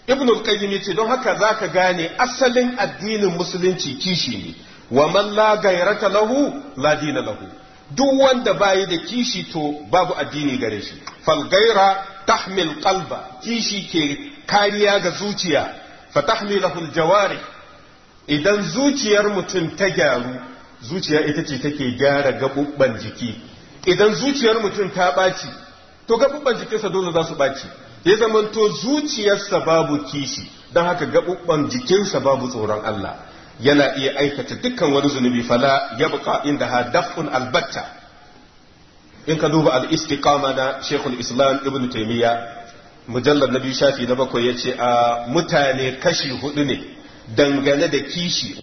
ibn al-qayyim yace don haka zaka gane asalin addinin musulunci kishi ne wa man la ghayrata lahu la dina lahu duk wanda bayi da kishi to babu addini gare shi fal tahmil qalba kishi ke kariya ga zuciya fatahmi lahul jawari idan zuciyar mutum ta gyaru zuciya ita ce take gyara gaɓuɓɓan jiki idan zuciyar mutum ta ɓaci to gaɓuɓɓan jikinsa dole za su ɓaci ya zamanto zuciyarsa babu kishi don haka gaɓuɓɓan jikinsa babu tsoron Allah yana iya aikata dukkan wani zunubi fala ya inda ha daf'un albatta in ka duba al-istiqama na Sheikhul Islam Ibn Taymiyyah mujallar na biyu shafi na bakwai ya ce a mutane kashi hudu ne dangane da kishi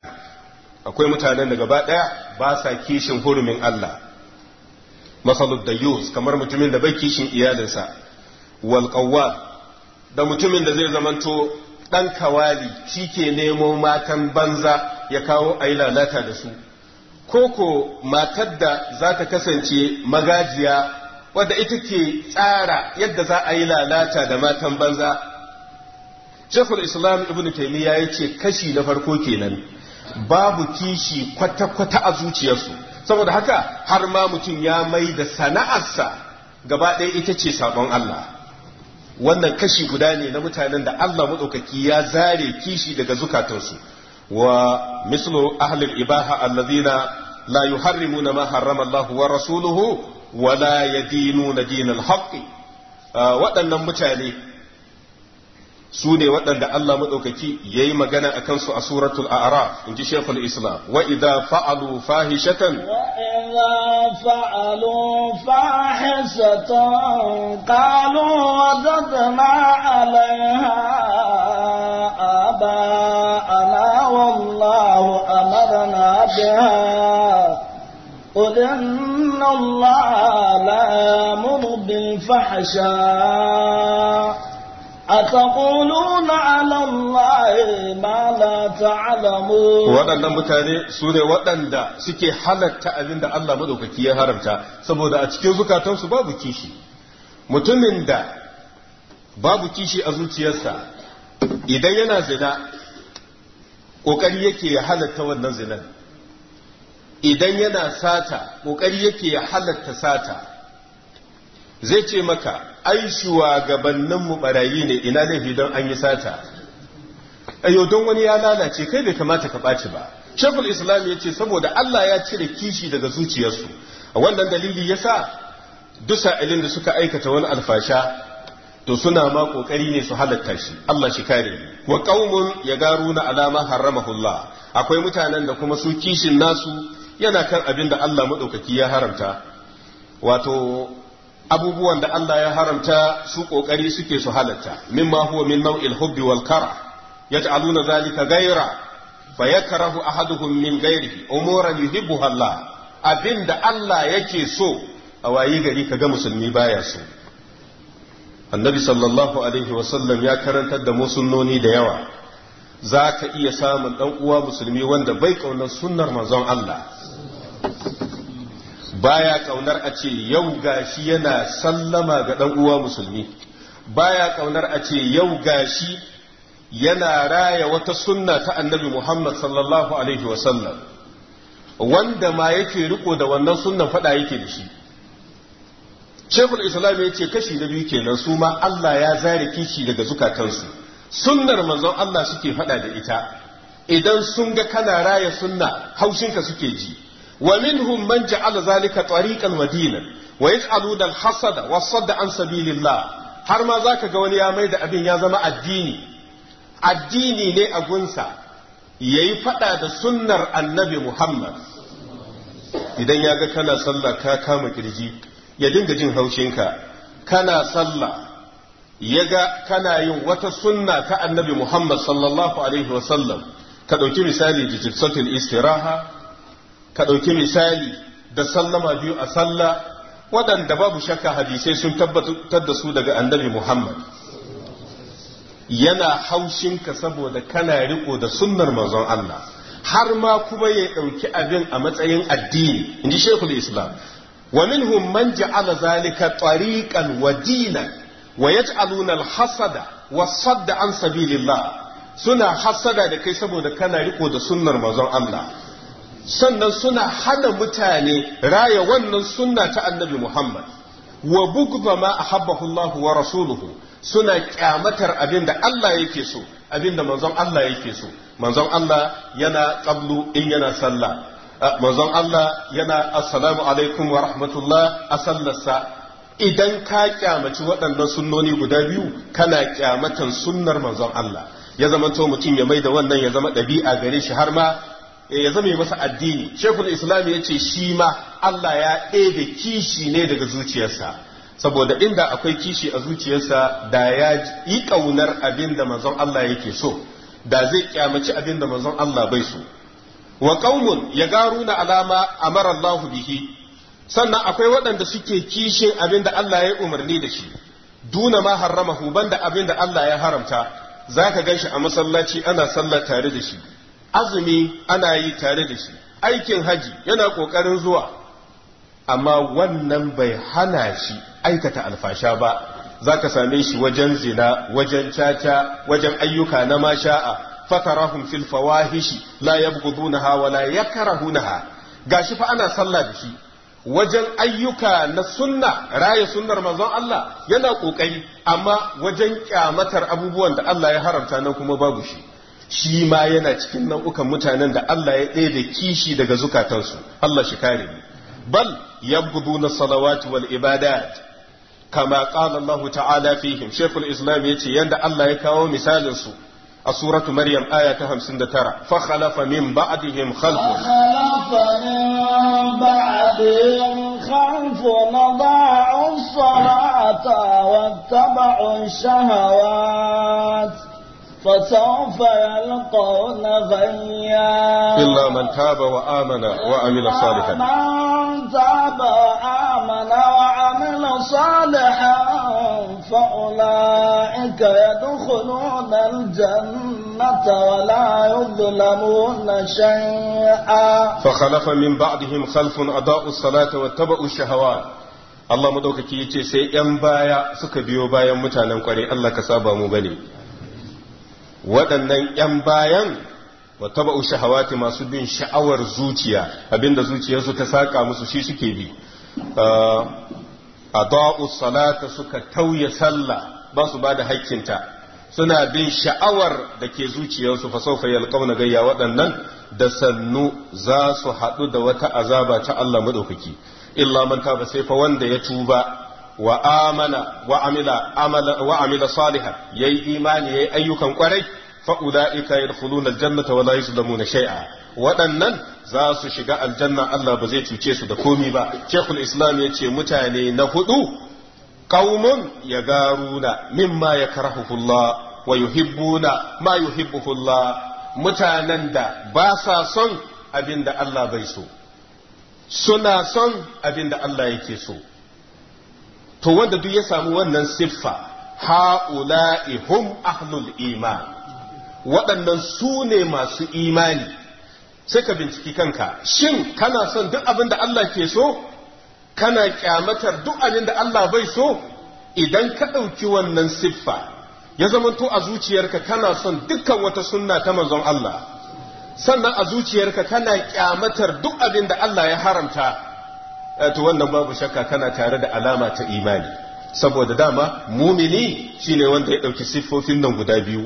akwai mutanen da gaba ɗaya ba sa kishin hurumin Allah masalud da yus kamar mutumin da bai kishin iyalinsa wal da mutumin da zai zamanto ɗan kawali shi ke nemo matan banza ya kawo a yi lalata da su koko matar da za ta kasance magajiya wadda ita ke tsara yadda za a yi lalata da matan banza shekul islam ibn taimiyya ya yi ce kashi na farko kenan babu kishi kwata-kwata a zuciyarsu saboda haka har ma mutum ya mai da sana'arsa gaba ɗaya ita ce sabon Allah wannan kashi guda ne na mutanen da Allah maɗaukaki ya zare kishi daga zukatansu wa mislu ahlil ibaha allazina la yuharrimuna ma harrama Allah wa rasuluhu wala na dinal haƙƙi. Ah, waɗannan mutane su ne waɗanda Allah maɗaukaki ya yi magana a kansu a suratul a'raf in ji shekul islam wa idza fa'alu fahishatan wa idza fa'alu fahishatan qalu wajadna 'alayha aba'ana wallahu amarna biha قل إن الله لا يأمر بالفحشاء أتقولون على الله ما لا تعلمون waɗannan mutane su ne waɗanda suke halatta abin da Allah madaukaki ya haramta saboda a cikin zukatansu babu kishi mutumin da babu kishi a zuciyarsa idan yana zina ƙoƙari yake ya halatta wannan zinan idan yana sata ƙoƙari yake ya halatta sata zai ce maka ai mu barayi ne ina laifi don an yi sata ayo don wani ya lalace kai bai kamata ka ɓaci ba shekul islam ya ce saboda allah ya cire kishi daga zuciyarsu a wannan dalili ya sa duk da suka aikata wani alfasha to suna ma ƙoƙari ne su halatta shi allah shi kare wa qaumun yagaruna alama harramahullah akwai mutanen da kuma su kishin nasu yana kan abin da Allah maɗaukaki ya haramta wato abubuwan da Allah ya haramta su ƙoƙari suke su halatta Min huwa min nau'il hubbi wal kara yaj'aluna zalika ghayra fa yakrahu ahaduhum min ghayrihi umuran yuhibbuha Allah abinda Allah yake so a wayi gari kaga musulmi baya so annabi sallallahu alaihi wasallam ya karantar da musunnoni da yawa za ka iya samun ɗan uwa musulmi wanda bai ƙaunar sunnar manzon Allah baya ƙaunar a ce yau gashi yana sallama ga ɗan uwa musulmi baya ƙaunar a ce yau gashi yana raya wata sunna ta annabi Muhammad sallallahu alaihi wasallam wanda ma yake riko da wannan sunnan faɗa yake da shi shekul islam ya ce kashi na biyu kenan su ma Allah ya zare kishi daga zukatansu sunnar manzon Allah suke faɗa da ita idan sun ga kana raya sunna haushinka suke ji wa minhum man ja'ala zalika tariqan wa dinan wa yaj'aluna al-hasada was-sadda an sabilillah har ma zaka ga wani ya mai da abin ya zama addini addini ne a gunsa yayi faɗa da sunnar annabi Muhammad idan ya ga kana sallah ka kama kirji ya dinga jin haushinka kana sallah ya ga kana yin wata sunna ta annabi Muhammad sallallahu Alaihi wasallam ka ɗauki misali da jibsatul istiraha ka ɗauki misali da sallama biyu a sallah waɗanda babu shakka hadisai sun tabbatar da su daga annabi Muhammad yana haushinka saboda kana riko da sunnar manzon Allah har ma kuma ya ɗauki abin a matsayin addini in ji islam wa minhum man ja'ala zalika tariqan wa dinan wa yaj'aluna al-hasada was-sadda an sabilillah suna hasada da kai saboda kana riko da sunnar manzon Allah sannan suna hana mutane raya wannan sunna ta annabi Muhammad wa bugbama a ahabbahu Allah wa rasuluhu suna kyamatar abinda da Allah yake so Abinda da manzon Allah yake so manzon Allah yana qablu in yana sallah ah, manzon Allah yana assalamu alaikum wa rahmatullah a sallarsa idan ka kyamaci waɗannan sunnoni guda biyu kana kyamatan sunnar manzon Allah ya zama to mutum ya da wannan ya zama ɗabi'a gare shi har ma eh, ya zama ya masa addini shekul islam ya ce shi ma Allah ya ɗebe kishi ne daga zuciyarsa saboda inda akwai kishi a zuciyarsa da ya yi ƙaunar abin da manzon Allah yake so da zai kyamaci abin da manzon Allah bai so wa qaumun ya garuna alama amara Allahu bihi sannan akwai waɗanda suke kishin abin da Allah ya umarni da shi duna ma huban da abin da Allah ya haramta za ka gan shi a masallaci ana sallah tare da shi azumi ana yi tare da shi aikin haji yana ƙoƙarin zuwa amma wannan bai hana shi aikata alfasha ba za ka same shi wajen zina wajen caca wajen ayyuka na masha'a fatarahum fil fawahishi la yabghudunaha wa yakrahunaha gashi fa ana sallah da shi wajen ayyuka na sunna raya sunnar manzon Allah yana kokari amma wajen kyamatar abubuwan da Allah ya haramta nan kuma babu shi shi ma yana cikin nau'ukan mutanen da Allah ya ɗaya da kishi daga zukatansu Allah shi kare ni bal na salawati wal ibadat kama qala Allah ta'ala fihim shaykhul islam yace yanda Allah ya kawo misalin su a suratu maryam aya ta 59 fa khalafa min ba'dihim khalfun khalafa min ba'dihim khalfun ضاعوا الصلاة واتبعوا الشهوات فسوف يلقون غيا إلا من تاب وآمن وعمل صالحا من تاب وآمن وعمل صالحا فأولئك يدخلون الجنة ولا يظلمون شيئا فخلف من بعدهم خلف أضاءوا الصلاة واتبعوا الشهوات Allah madaukaki yace sai ‘yan baya suka biyo bayan mutanen kwarai Allah ka saba mu bane waɗannan ‘yan bayan wa taba shahawati masu bin sha'awar zuciya abinda zuciyarsu ta saƙa musu shi suke bi a salata suka tauye sallah ba su ba da haƙƙinta suna bin sha'awar da ke zuciyarsu fa sau fayar gayya waɗannan da sannu za su haɗu da wata azaba ta Allah maɗaukaki illa manta ba sai fa wanda ya tuba wa amana wa amila amala wa amila salihan yayi imani yayi ayyukan kwarai fa ulaika yadkhuluna aljannata wa la yuzlamuna shay'a waɗannan za su shiga aljanna Allah ba zai cuce su da komi ba Sheikhul Islam ya ce mutane na hudu qaumun yagaruna mimma yakrahuhu Allah wa yuhibbuna ma yuhibbuhu Allah mutanen da ba sa son abinda Allah bai so suna son abin da Allah yake so to wanda duk ya samu wannan siffa ha'ula'i hum ahlul iman waɗannan su ne masu imani sai ka binciki kanka shin kana son duk abin da Allah ke so kana kyamatar duk abin da Allah bai so idan ka ɗauki wannan siffa ya zamanto a zuciyarka kana son dukkan wata sunna ta manzon Allah sannan a zuciyarka kana kyamatar duk abin da Allah ya haramta Eh, to wannan babu shakka kana tare da alama ta imani saboda dama mumini shine wanda ya ɗauki siffofin nan guda biyu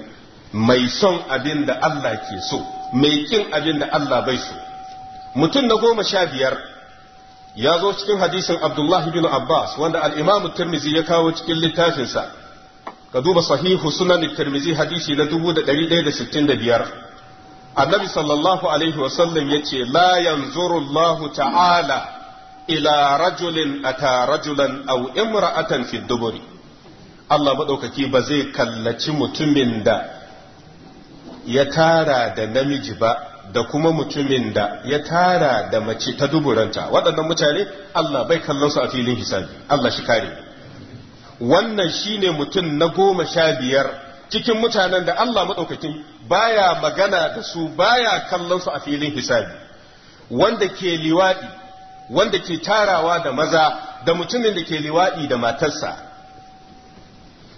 mai son abin da Allah ke so mai kin abin da Allah bai so mutum na goma sha biyar ya zo cikin hadisin abdullahi bin abbas wanda al'imamu tirmizi ya kawo cikin littafinsa ka duba sahihu sunan tirmizi hadisi na biyar. annabi sallallahu alaihi wasallam ya ce la yanzuru Allah ta'ala ila rajulin ata rajulan aw imra'atan fi duburi Allah madaukaki ba zai kallaci mutumin da ya tara da namiji ba da kuma mutumin da ya tara da mace ta duburanta waɗannan mutane Allah bai kallon su a filin hisabi Allah shi kare wannan shine mutum na goma sha biyar cikin mutanen da Allah madaukakin baya magana da su baya kallon su a filin hisabi wanda ke liwaɗi wanda ke tarawa da maza da mutumin da ke liwaɗi da matarsa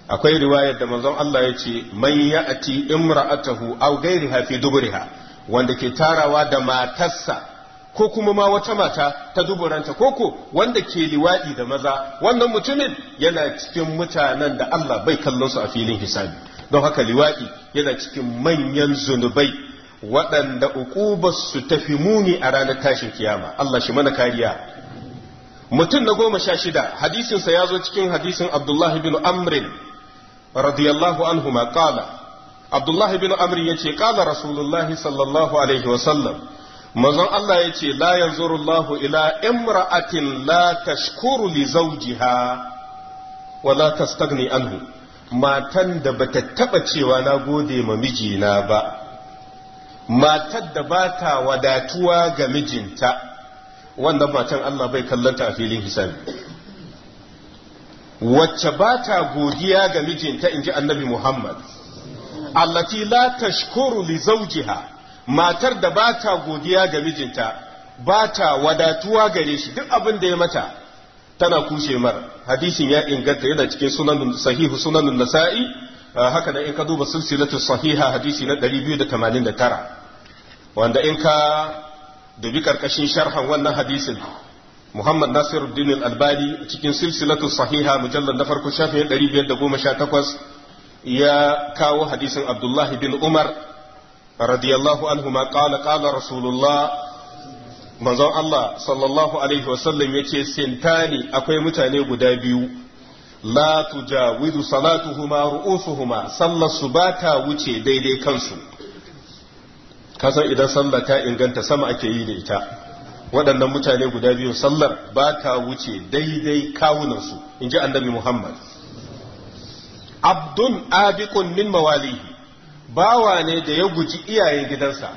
akwai riwayar da manzon Allah ya ce man ya'ati imra'atahu aw ghayriha fi duburiha wanda ke tarawa da matarsa ko kuma ma wata mata ta duburanta koko wanda ke liwaɗi da maza wannan mutumin yana cikin mutanen da Allah bai kallon su a filin hisabi don haka liwaɗi yana cikin manyan zunubai waɗanda uqubarsu tafi muni a ranar tashin kiyama Allah shi mana kariya mutum na goma sha shida hadisinsa ya zo cikin hadisin abdullahi bin amrin radiyallahu anhu ma qala abdullahi bin amrin ya ce qala rasulullahi sallallahu alaihi wasallam manzon Allah ya ce la yanzurullahu ila imra'atin la tashkuru li zawjiha wa la tastagni anhu matan da bata taba cewa na gode ma mijina ba matar da ba ta wadatuwa ga mijinta wannan matan Allah bai kallanta a filin hisabi wacce ba ta godiya ga mijinta in ji annabi Muhammad allati la tashkuru li zawjiha matar da ba ta godiya ga mijinta ba ta wadatuwa gare shi duk abin da ya mata tana kushe mar hadisin ya inganta yana cikin sunan sahihu sunan nasa'i haka da in ka duba silsilatu sahiha hadisi na 289 wanda in ka dubi karkashin sharhan wannan hadisin Muhammad Nasiruddin Al-Albani cikin silsilatu sahiha mujallar na farko shafin 518 ya kawo hadisin Abdullahi bin Umar radiyallahu anhu ma qala qala Rasulullah manzon Allah sallallahu alaihi wasallam yace sintani akwai mutane guda biyu la tujawidu salatuhuma ru'usuhuma sallar su bata wuce daidai kansu kasan idan sallar ta inganta sama ake yi da ita waɗannan mutane guda biyu sallar ba ta wuce daidai kawunansu in ji annabi muhammad Abdul abikun min mawalihi bawa ne da ya guji iyayen gidansa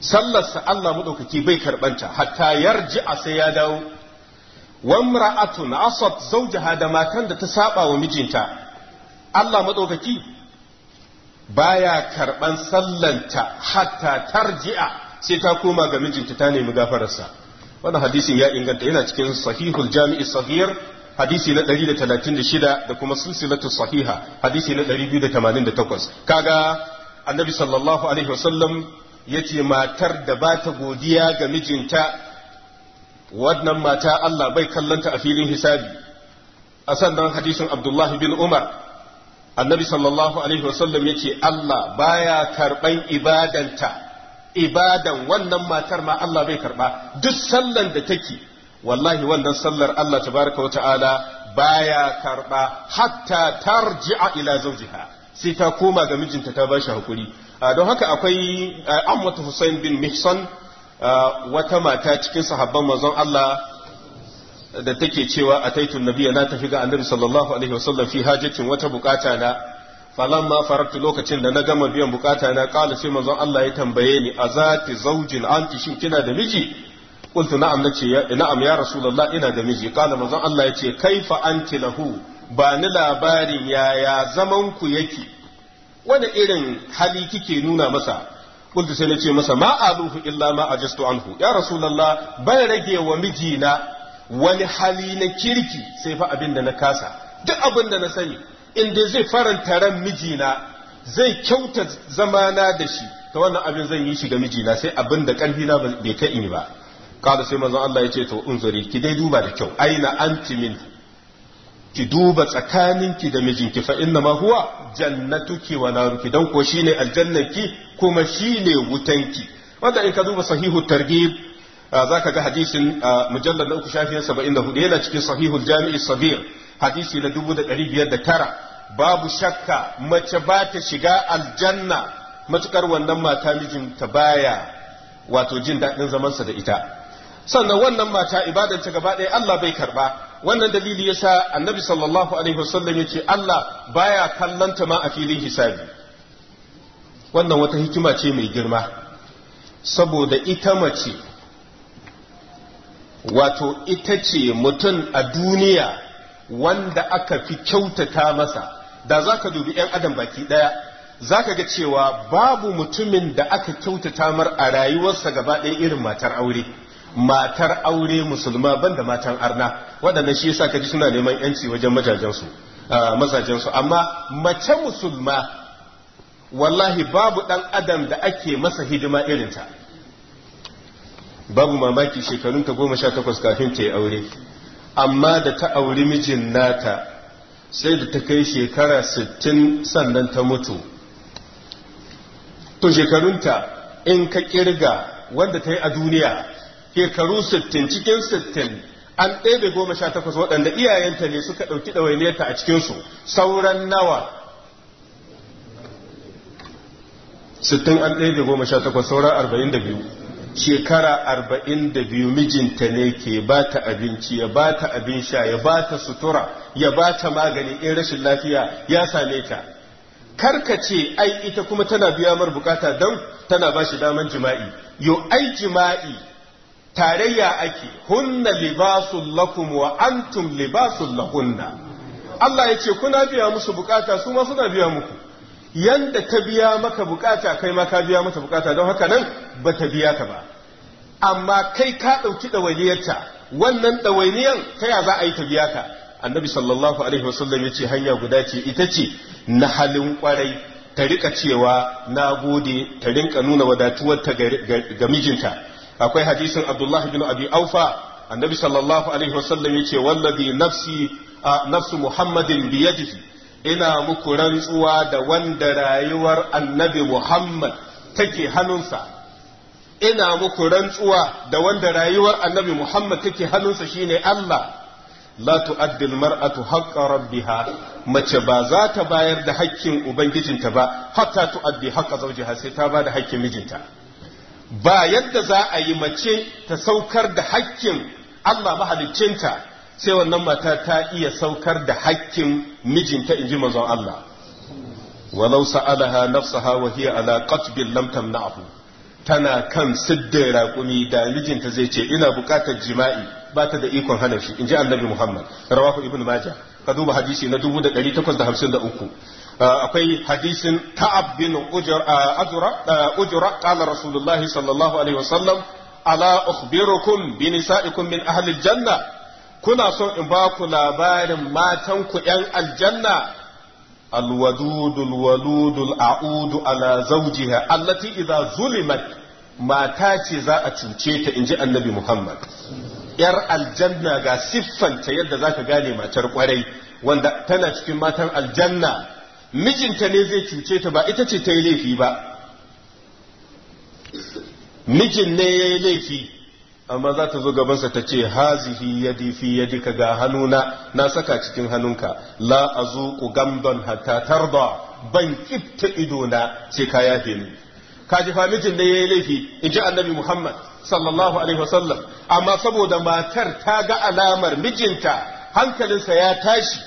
sallarsa allah maɗaukaki bai karɓanta hatta yarji a sai ya dawo wamra'atun asat zaujaha da matan da ta saba wa mijinta allah maɗaukaki baya karban sallanta hatta tarji'a sai ta koma ga mijinta ta nemi gafararsa wannan hadisin ya inganta yana cikin sahihul jami'i sahihar hadisi na 136 da kuma silsilatu sahiha hadisi na 288 kaga annabi sallallahu alaihi wasallam yace matar da ba ta godiya ga mijinta wannan mata Allah bai kallanta a filin hisabi a sannan hadisin Abdullahi bin Umar annabi sallallahu alaihi wasallam ya ce Allah baya karɓan ibadanta ibadan wannan matar ma Allah bai karba duk sallan da take wallahi wannan sallar Allah tabaraka wata'ala baya karɓa hatta tarji'a ila zawjiha sai ta koma ga mijinta ta bashi hakuri don haka akwai Ahmad Hussein bin Mihsan wata mata cikin sahabban manzon Allah da take cewa ataitu nabiya na tafi ga annabi sallallahu alaihi wasallam fi hajatin wata bukata na ma faratu lokacin da na gama biyan bukata na kala sai manzon Allah ya tambaye ni azati zaujin anti shin kina da miji qultu na'am nace na'am ya rasulullah ina da miji kala manzon Allah ya ce kaifa anti lahu ba ni labarin yaya zaman ku yake wani irin hali kike nuna masa qultu sai nace masa ma illa ma ajastu anhu ya rasulullah ban rage wa mijina wani hali na kirki sai fa abin da na kasa duk abin da na sani in dai zai faranta ran mijina zai kyauta zamana da shi ta wannan abin zan yi shi ga mijina sai abin da ƙarfi na bai kai ni ba kada sai manzon Allah ya ce to unzuri ki dai duba da kyau aina anti min ki duba tsakaninki da mijinki fa inna ma huwa jannatuki wa naruki dan ko shine aljannanki kuma shine wutanki wanda in ka duba sahihu targhib za ka ga hadisin mujallar na uku shafiyar saba'in da hudu yana cikin sahihul jami'i sabir hadisi na dubu da ɗari biyar da tara babu shakka mace ba ta shiga aljanna matukar wannan mata ta baya wato jin daɗin zamansa da ita sannan wannan mata ibadar ta gaba ɗaya Allah bai karba wannan dalili yasa annabi sallallahu alaihi wasallam yace Allah baya ta ma a filin hisabi wannan wata hikima ce mai girma saboda ita mace wato ita ce mutum a duniya wanda aka fi kyautata masa da za ka dubi 'yan adam baki ɗaya za ka ga cewa babu mutumin da aka kyautata mar a rayuwarsa gaba ɗaya irin matar aure matar aure musulma banda matan arna waɗannan shi yasa kaji suna neman yanci wajen majajensu mazajensu amma mace musulma wallahi babu ɗan adam da ake masa hidima irinta babu mamaki shekarunta goma sha takwas kafin ta yi aure amma da ta auri mijin nata sai da ta kai shekara sittin sannan ta mutu to shekarunta in ka kirga wanda ta yi a duniya shekaru sittin cikin sittin an ɗebe goma sha takwas waɗanda iyayenta ne suka ɗauki ɗawainiyarta a cikinsu sauran nawa sittin an ɗebe goma sha takwas sauran arba'in da biyu shekara arba'in da biyu mijinta ne ke ba ta abinci ya ba ta abin sha ya ba ta sutura ya ba ta magani in rashin lafiya ya same ta ce ai ita kuma tana biya mar bukata don tana ba shi daman jima'i yau ai jima'i tarayya ake hunna libasun lakum wa antum libasun lahunna Allah ya ce kuna biya musu bukata su ma suna biya muku yanda ta biya maka bukata kai ma ka biya mata bukata don haka nan ba ta biya ka ba amma kai ka ɗauki ɗawainiyarta wannan ɗawainiyar ta ya za a yi ta biya ka annabi sallallahu alaihi wasallam ya ce hanya guda ce ita ce na halin kwarai ta rika cewa na gode ta rinka nuna ta ga mijinta akwai hadisin abdullahi bin abi aufa annabi sallallahu alaihi wasallam ya ce wallazi nafsi nafsu muhammadin biyadihi ina muku rantsuwa da wanda rayuwar annabi Muhammad take hannunsa ina muku rantsuwa da wanda rayuwar annabi Muhammad take hannunsa shine Allah la tu'addi al-mar'atu haqqa rabbiha mace ba za ta bayar da haƙƙin ubangijinta ba hatta tu'addi haqqa zawjiha sai ta ba da haƙƙin mijinta ba yadda za a yi mace ta saukar da haƙƙin Allah mahaliccinta sai wannan mata ta iya saukar da hakkin mijinta inji manzon Allah walau sa'alaha nafsaha wa hiya ala qatbin lam tamna'hu tana kan siddin raƙumi da mijinta zai ce ina buƙatar jima'i ba ta da ikon hana shi inji annabi Muhammad rawahu ibnu majah ka duba hadisi na 1853 ah, akwai hadisin ka'ab bin ah, ah, ujra qala rasulullahi sallallahu alaihi wasallam ala ukhbirukum bi nisa'ikum min ahli janna kuna so in ba ku labarin matanku ‘yan aljanna alwadudul waludul a'udu ala zawjiha allati idza zulimat mata ce za a cuce ta inji annabi muhammad ‘yar aljanna ga siffanta yadda za ka gane matar kwarai wanda tana cikin matan aljanna mijinta ne zai cuce ta ba ita ce ta yi laifi ba mijin ne ya yi laifi amma za ta zo gabansa ta ce hazihi yadi fi yadika ga hannuna na saka cikin hannunka la ku gamban hatta tarba ban kifta idona ce ka yafe ni ka ji famijin da ya yi laifi in ji annabi Muhammad sallallahu alaihi wasallam amma saboda matar ta ga alamar mijinta hankalinsa ya tashi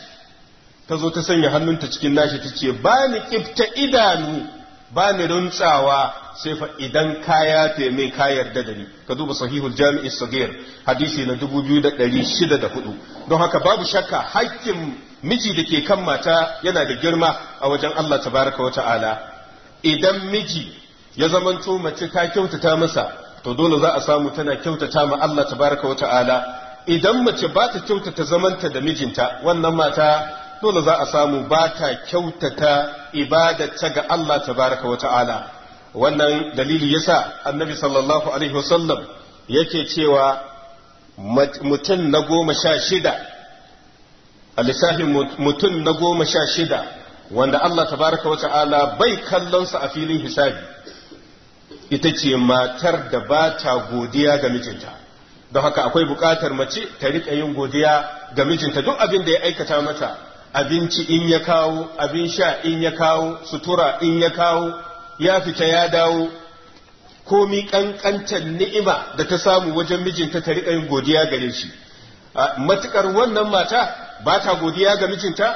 ta zo ta sanya hannunta cikin nashi ta ce ba ni kifta idanu ba ni runtsawa sai fa idan ka yafe min ka yarda da ni ka duba sahihul jami'i sagir hadisi na 2604 don haka babu shakka haƙƙin miji da ke kan mata yana da girma a wajen Allah tabaraka wa ta'ala idan miji ya zamanto mace ta kyautata masa to dole za a samu tana kyautata ma Allah tabaraka wa ta'ala idan mace ba ta kyautata zamanta da mijinta wannan mata dole za a samu ba ta kyautata ibadata ga Allah tabaraka wa ta'ala wannan dalili yasa annabi sallallahu alaihi wasallam yake cewa mutum na goma sha shida a lissafin mutum na goma sha shida wanda Allah tabaraka wa ta'ala bai kallonsa a filin hisabi ita ce matar da ba ta godiya ga mijinta don haka akwai buƙatar mace ta riƙa yin godiya ga mijinta duk abin da ya aikata mata abinci in ya kawo abin sha in ya kawo sutura in ya kawo ya fita ya dawo komi ƙanƙantar ni'ima da ta samu wajen mijinta ta riƙa yin godiya gare shi matukar wannan mata ba ta godiya ga mijinta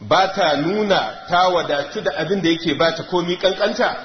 ba ta nuna ta wadatu da abin da yake ba ta komi ƙanƙanta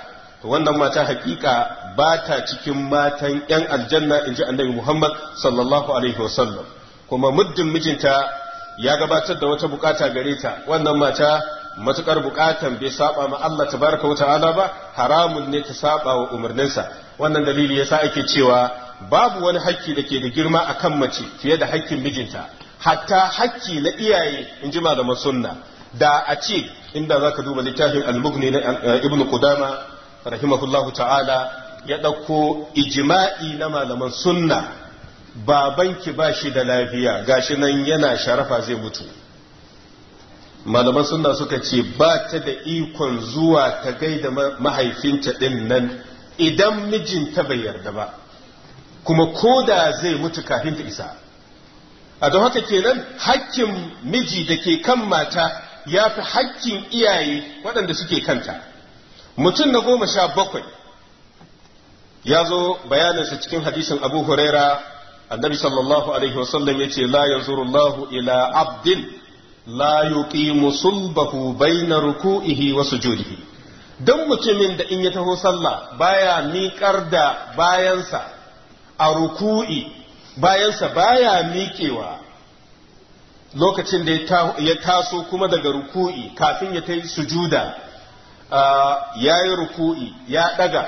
wannan mata hakika ba ta cikin matan 'yan aljanna in ji annabi muhammad sallallahu alaihi wasallam kuma muddin mijinta ya gabatar da wata bukata gare ta wannan mata matukar bukatan bai saba ma Allah tabaraka wa ta'ala ba haramun ne ta saba wa umarninsa wannan dalili yasa ake cewa babu wani hakki da ke da girma akan mace fiye da hakkin mijinta hatta hakki na iyaye in ji malaman sunna da a ce inda zaka duba littafin al-mughni na eh, ibn qudama rahimahullahu ta'ala ya dauko ijma'i na malaman sunna babanki ba shi da lafiya gashi nan yana sharafa zai mutu malaman suna suka ce ba ta da ikon zuwa ta gaida mahaifinta ɗin nan idan mijinta bai yarda ba kuma ko da zai mutu kafin ta isa a don haka kenan hakkin miji da ke kan mata ya fi hakkin iyaye waɗanda suke kanta mutum na goma sha bakwai ya zo bayaninsa cikin hadisin abu huraira annabi sallallahu alaihi wasallam ya ce la yanzurullahu ila abdin la yuqimu sulbahu baina ruku'ihi wa sujudihi dan mutumin da in ya taho sallah baya miƙar da bayansa a ruku'i bayansa baya miƙewa lokacin da ya taso kuma daga ruku'i kafin ya ta sujuda ya yi ruku'i ya ɗaga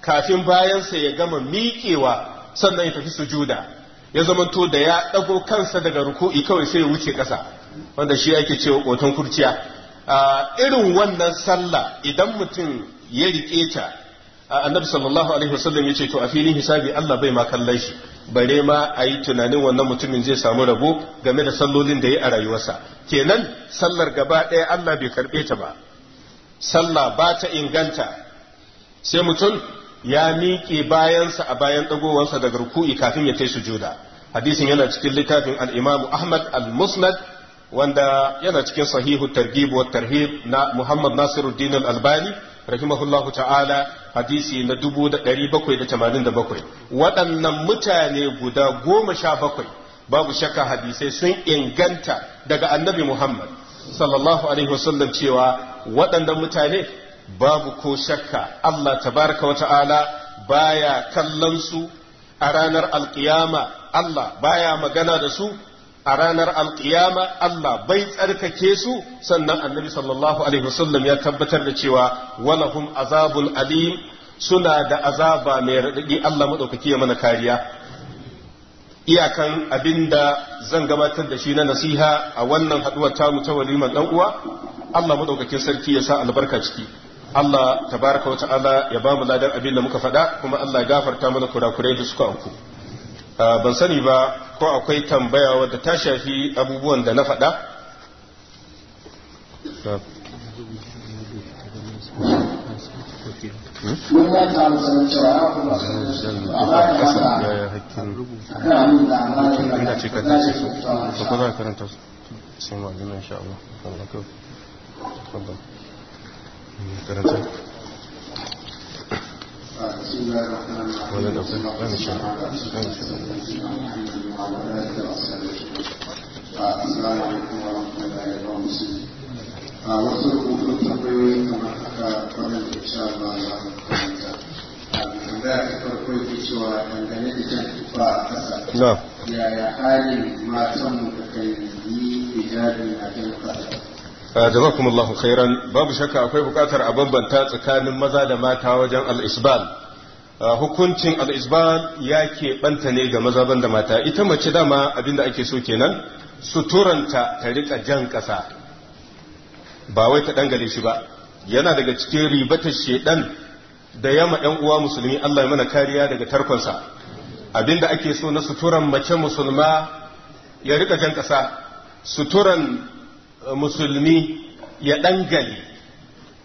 kafin bayansa ya gama miƙewa sannan ya tafi sujuda ya zamanto da ya dago kansa daga ruku'i kawai sai ya wuce ƙasa wanda shi ake cewa ƙoton kurciya irin wannan sallah idan mutum ya riƙe ta annabi sallallahu alaihi wasallam ya ce to a filin hisabi Allah bai ma kallon shi bare ma ayi tunanin wannan mutumin zai samu rabo game da sallolin da ya a rayuwarsa kenan sallar gaba ɗaya Allah bai karɓe ta ba sallah ba ta inganta sai mutum ya miƙe bayansa a bayan ɗagowansa daga ruku'i kafin ya kai sujuda hadisin yana cikin littafin al Ahmad al-Musnad wanda yana cikin sahihu targhib wa tarhib na Muhammad Nasiruddin al-Albani rahimahullahu ta'ala hadisi na 1787 waɗannan mutane guda goma sha bakwai babu shakka hadisai sun inganta daga annabi Muhammad sallallahu alaihi wasallam cewa waɗannan mutane babu ko shakka Allah tabaraka wa ta'ala baya kallon su a ranar alkiyama Allah baya magana da su a ranar alƙiyama Allah bai tsarkake su sannan annabi sallallahu alaihi wasallam ya tabbatar da cewa walahum azabul alim suna da azaba mai raɗaɗi Allah maɗaukaki ya mana kariya iyakan abinda zan gabatar da shi na nasiha a wannan haɗuwar tamu ta walimar ɗan uwa Allah maɗaukakin sarki ya sa albarka ciki Allah baraka wa ta'ala ya ba mu ladan abin da muka faɗa kuma Allah ya gafarta mana kurakurai da suka auku ban sani ba ko akwai tambaya wadda ta shafi abubuwan da na faɗa karanta a wasu rubutun da sha ba yaya halin matan mu da kai yi hijabi a jan Ah, jazakumullahu khairan babu shaka akwai bukatar a bambanta tsakanin maza da mata wajen al-isbal ah, hukuncin al ya keɓanta ne ga maza da mata ita mace dama abinda ake so kenan suturanta ta rika jan ƙasa ba wai ta dangale shi ba yana daga cikin ribatar shedan da yama yan uwa musulmi Allah ya mana kariya daga tarkonsa abinda ake so na suturan mace musulma ya rika jan ƙasa suturan musulmi ya ɗangale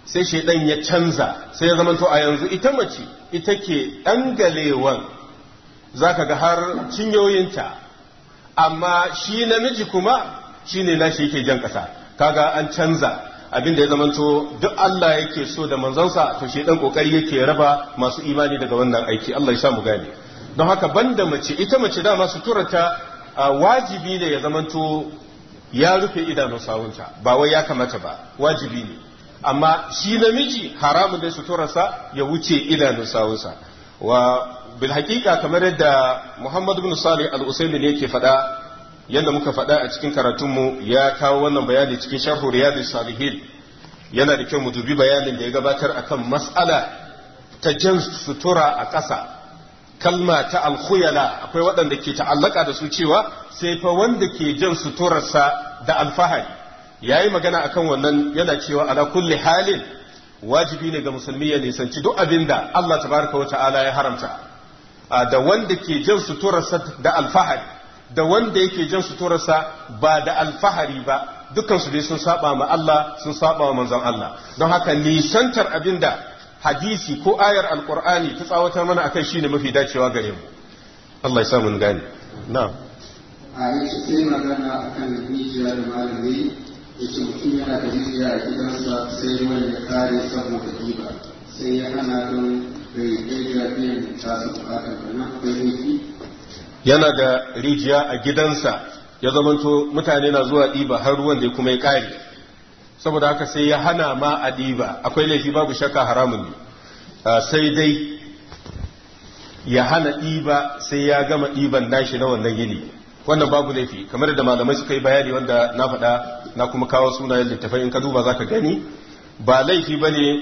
sai shaidan ya canza sai ya zamanto a yanzu ita mace ita ke ɗangalewan za ka ga har cinyoyinta amma shi namiji kuma shi ne nashi yake jan ƙasa kaga an canza abinda ya zamanto duk Allah yake so da manzansa to shaidan ƙoƙari yake raba masu imani daga wannan aiki Allah ya mu gane don haka banda mace ita mace dama suturata wajibi ne ya zamanto ya rufe idanun sawunsa ba wai ya kamata ba wajibi ne amma shi namiji haramun da suturarsa ya wuce idanun sawunsa wa bil haƙiƙa kamar yadda Muhammadu bin Salih al usaini ne yake faɗa yadda muka faɗa a cikin karatunmu ya kawo wannan bayani cikin sharhu riyadus salihin yana da kyau mu dubi bayanin da ya gabatar akan mas'ala ta jan sutura a ƙasa kalma ta alkhuyala akwai waɗanda ke ta'allaka da su cewa sai fa wanda ke jan suturarsa da alfahari yi magana akan wannan yana cewa ala kulli halin wajibi ne ga musulmi ya nisanci duk abin da Allah tabaraka wa ta'ala ya haramta da wanda ke jan suturarsa da alfahari da wanda yake jan suturarsa ba da alfahari ba dukansu dai sun saba ma Allah sun saba wa manzon Allah don haka nisantar abinda. hadisi ko ayar alkur'ani ta tsawatar mana akan shine mafi dacewa gare mu Allah ya samu gane na'am a yace sai magana akan rijiya da malami yace mutum yana da rijiya a gidansa sai ruwan ya kare saboda riba sai ya hana don bai daidai biyan ta su bukatar wannan akwai yana da rijiya a gidansa ya zamanto mutane na zuwa ɗiba har ruwan da kuma ya kare saboda haka sai ya hana ma a ɗiba akwai laifi babu shakka haramun ne sai dai ya hana ɗiba sai ya gama ɗiban nashi na wannan gini. wannan babu laifi kamar da malamai suka yi bayani wanda na faɗa na kuma kawo suna yadda tafai in ka duba za ka gani ba laifi ba ne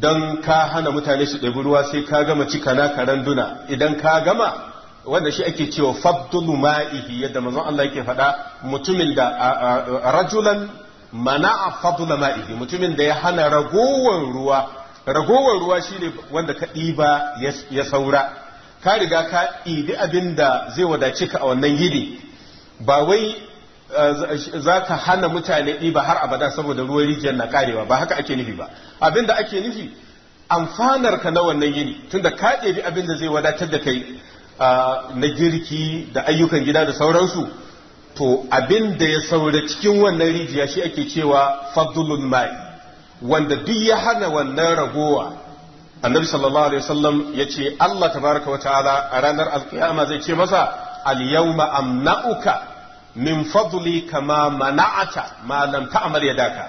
don ka hana mutane su ɗabi ruwa sai ka gama cika na duna idan ka gama wanda shi ake cewa fabdulu ma'ihi yadda mazan Allah yake faɗa mutumin da rajulan mana'a fadla ma'ihi mutumin da ya hana ragowar ruwa ragowar ruwa shine wanda ka ɗiba ya saura ka riga ka ɗibi abin da zai wadace ka a wannan gini. ba wai eh, za ka hana mutane ɗiba har abada saboda ruwan rijiyar na karewa ba haka ake nufi ba abin da ake nufi amfanar ka na wannan tun tunda ka ɗi abin da zai wadatar da kai ah, na girki da ayyukan gida da sauransu to abin da ya saura cikin wannan rijiya shi ake cewa fadlul mai wanda duk ya hana wannan ragowa annabi sallallahu alaihi wasallam ya Allah tabaraka wa ta'ala a ranar alkiyama zai ce masa al yawma amna'uka min fadli kama mana'ata ma lam ta'mal yadaka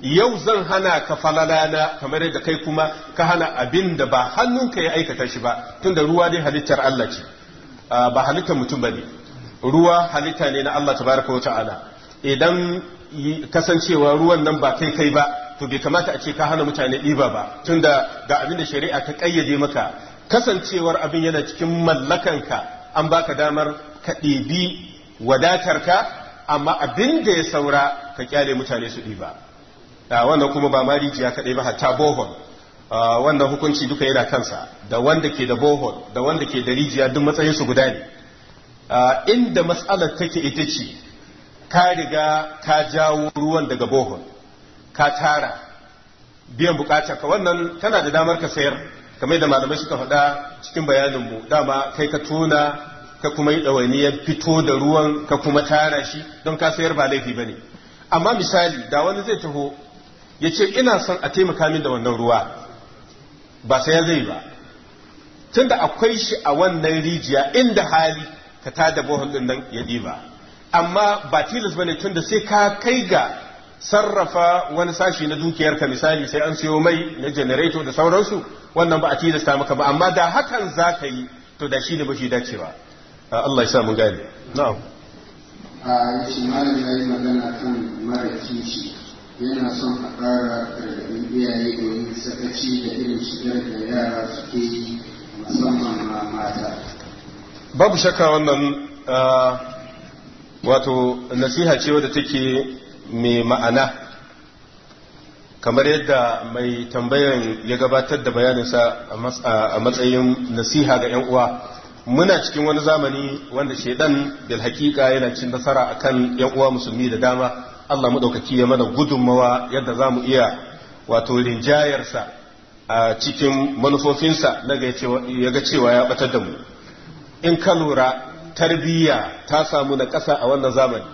yau zan hana ka falalana kamar yadda kai kuma ka hana abin da ba hannunka ya aikata shi ba tunda ruwa dai halittar Allah ce ah, ba halittar mutum bane ruwa halitta ne na Allah tabaraka wa ta'ala idan kasancewa ruwan nan ba kai kai ba to bai kamata a ce ka hana mutane ɗiba ba tunda ga abin da shari'a ta ƙayyade maka kasancewar abin yana cikin mallakanka an baka damar ka ɗebi ka amma abin da ya saura ka kyale mutane su ɗiba ah, wannan kuma ba ma rijiya kaɗai ba hatta bohol ah, wannan hukunci duka yana kansa da wanda ke da bohol da wanda ke da rijiya duk matsayinsu guda ne inda matsalar take ita ce ka riga ka jawo ruwan daga bohol ka tara biyan bukatar ka wannan tana da damar ka sayar kamar da malamai suka faɗa cikin bayaninmu dama kai ka tona ka kuma yi ɗawainiyar fito da ruwan ka kuma tara shi don ka sayar ba laifi ba ne amma misali da wani zai taho ya ce ina son a taimaka min da wannan ruwa ba saya zai ba tunda akwai shi a wannan rijiya inda hali ka ta da bohol din nan ya diba amma ba tilas bane tunda sai ka kai ga sarrafa wani sashi na dukiyarka misali sai an siyo mai na generator da sauransu wannan ba a tilasta maka ba amma da hakan za ka yi to da shi ne ba shi dacewa ba ah, Allah ya sa mun gane na'am a ah, yace malam yayi magana kan mara kici yana son a ƙara gargaɗin iyaye domin sakaci da irin shigar da yara suke yi musamman ma mata babu shakka wannan wato nasiha ce wadda take mai ma'ana kamar yadda mai tambayan ya gabatar da bayaninsa a matsayin nasiha ga 'yan uwa muna cikin wani zamani wanda shaidan bil hakika yana cin nasara akan 'yan uwa musulmi da dama Allah maɗaukaki ya mana gudunmawa yadda za mu iya wato rinjayarsa a cikin manufofinsa na ga cewa ya batar da mu in ka lura tarbiyya ta samu na ƙasa a wannan zamani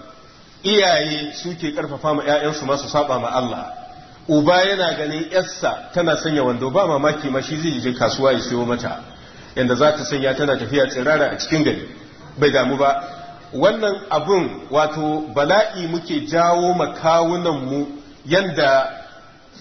iyaye suke ƙarfafa ma 'ya'yansu masu saba ma Allah uba yana ganin yarsa tana sanya wando ba mamaki ma shi zai je kasuwa ya siyo mata yanda za ta sanya tana tafiya tsirara a cikin gari bai damu ba wannan abun wato bala'i muke jawo makawunan mu yanda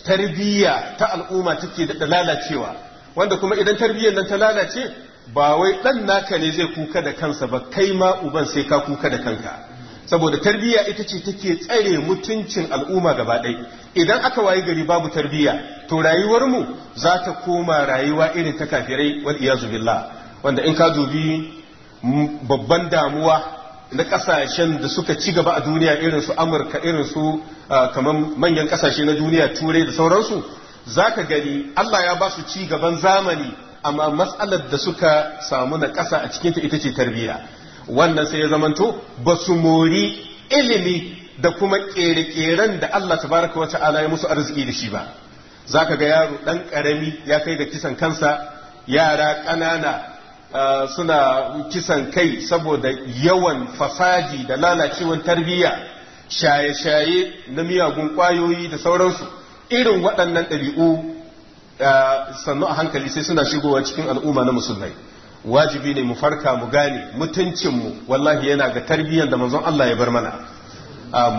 tarbiyya ta al'umma take da lalacewa wanda kuma idan tarbiyyar nan ta lalace ba wai ɗan naka ne zai kuka da kansa ba kai ma uban sai ka kuka da kanka saboda tarbiyya ita ce take tsare mutuncin al'umma gaba ɗaya idan aka wayi gari babu tarbiyya to rayuwarmu za ta koma rayuwa irin ta kafirai wal iyazu billah wanda in ka dubi babban damuwa na kasashen da suka ci gaba a duniya irin su amurka irin su kamar manyan kasashe na duniya turai da sauransu zaka gani allah ya ba su ci gaban zamani amma matsalar da suka samu na ƙasa a cikinta ita ce tarbiyya wannan sai ya zamanto ba su mori ilimi da kuma ƙere-ƙeren da Allah Ta baraka wa ta'ala ya musu arziki da shi ba za ka ga yaro ɗan ƙarami ya kai da kisan kansa yara ƙanana suna kisan kai saboda yawan fasaji da lalacewar tarbiyya shaye-shaye na miyagun ƙwayoyi da sauransu irin waɗannan ɗabi'u sannu a hankali sai suna shigowa cikin al'umma na musulmai wajibi ne mu farka mu gane mutuncinmu wallahi yana ga tarbiyyar da manzon Allah ya bar mana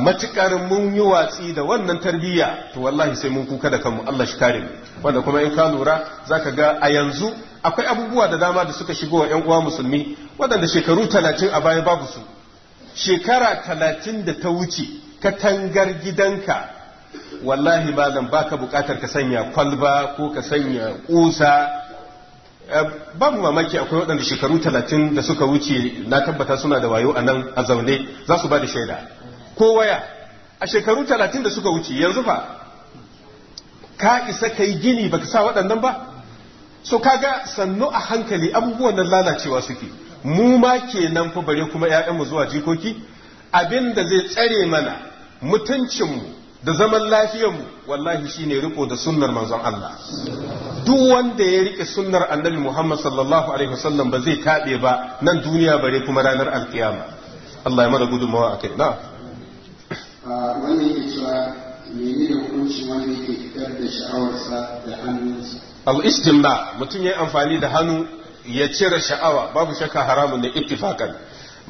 matukar mun yi watsi da wannan tarbiyya to wallahi sai mun kuka da kanmu Allah shi kare mu wanda kuma in ka lura zaka ga a yanzu akwai abubuwa da dama da suka shigo wa ƴan uwa musulmi waɗanda shekaru talatin a baya babu su shekara talatin da ta wuce katangar gidanka wallahi malam baka bukatar ka sanya kwalba ko ka sanya kusa eh, babu mamaki akwai waɗanda shekaru talatin da suka wuce na tabbata suna da wayo a nan a zaune za su ba da shaida ko waya a shekaru talatin da suka wuce yanzu fa ka isa ka yi gini baka sa waɗannan ba so ga sannu a hankali abubuwan nan lalacewa suke mu ma kenan fa bare kuma 'ya'yanmu zuwa jikoki abin da zai tsare mana mutuncinmu da zaman lafiyanmu wallahi shi ne riko da sunnar manzon Allah duk wanda ya rike sunnar annabi Muhammad sallallahu alaihi wasallam ba zai tabe ba nan duniya bare kuma ranar alƙiyama. Allah ya mana gudunmawa akai na wannan yake cewa menene hukuncin wanda yake fitar da sha'awarsa da hannunsa al istimla mutum yayi amfani da hannu ya cire sha'awa babu shakka haramun da ittifaqan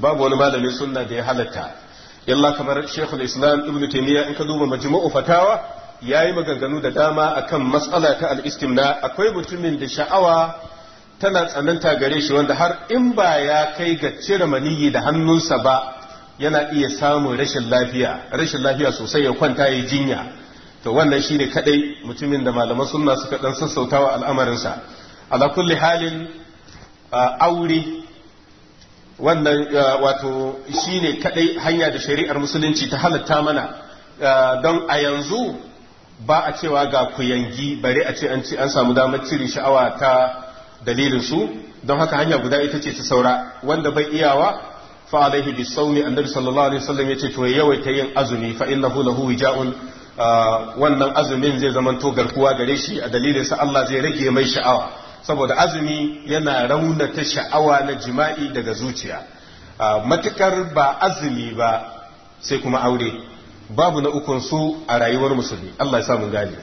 babu wani malamin sunna da ya halatta yalla kamar shekul islam ibn taymiya in ka duba majmu'u fatawa yayi maganganu da dama akan matsala ta al istimna akwai mutumin da sha'awa tana tsananta gare shi wanda har in ba ya kai ga cire maniyyi da hannunsa ba yana iya samun rashin lafiya rashin lafiya sosai ya kwanta ya jinya to wannan shine kadai mutumin da malaman sunna suka dan sassautawa al'amarinsa ala kulli halin aure wannan wato shi ne kadai hanya da shari'ar musulunci ta halatta mana don a yanzu ba a cewa ga kuyangi bare a ce an ci an samu damar cire sha'awa ta dalilin su don haka hanya guda ita ce ta saura wanda bai iyawa fa alaihi bi sauni annabi sallallahu alaihi wasallam yace to ta yin azumi fa innahu lahu wija'un wannan azumin zai zama zamanto garkuwa gare shi a dalilin sa Allah zai rage mai sha'awa saboda azumi yana raunata sha'awa na jima'i daga zuciya matukar ba azumi ba sai kuma aure babu na ukun su a rayuwar musulmi Allah ya samu gani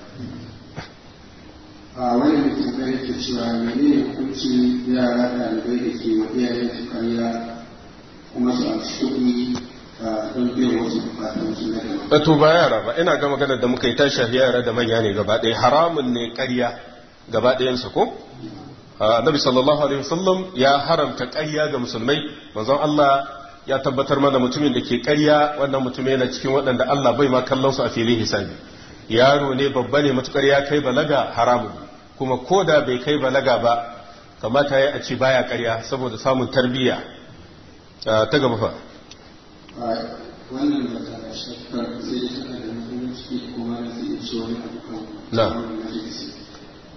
a wani mutum da yake cewa mene ne hukunci yara ɗalibai da ke wa su kariya kuma su a kuɗi don biyan wasu bukatun su na da ba yara ba ina ga maganar da muka yi ta yara da manya ne gaba ɗaya haramun ne ƙarya gaba ɗayansa ko annabi sallallahu alaihi wasallam ya haramta ƙarya ga musulmai manzon Allah ya tabbatar mana mutumin da ke ƙarya wannan mutumin yana cikin waɗanda Allah bai ma kallon su a filin hisabi yaro ne babba ne matukar ya kai balaga haramun kuma ko da bai kai balaga ba kamata ya a ce baya ƙarya saboda samun tarbiyya ta gaba fa na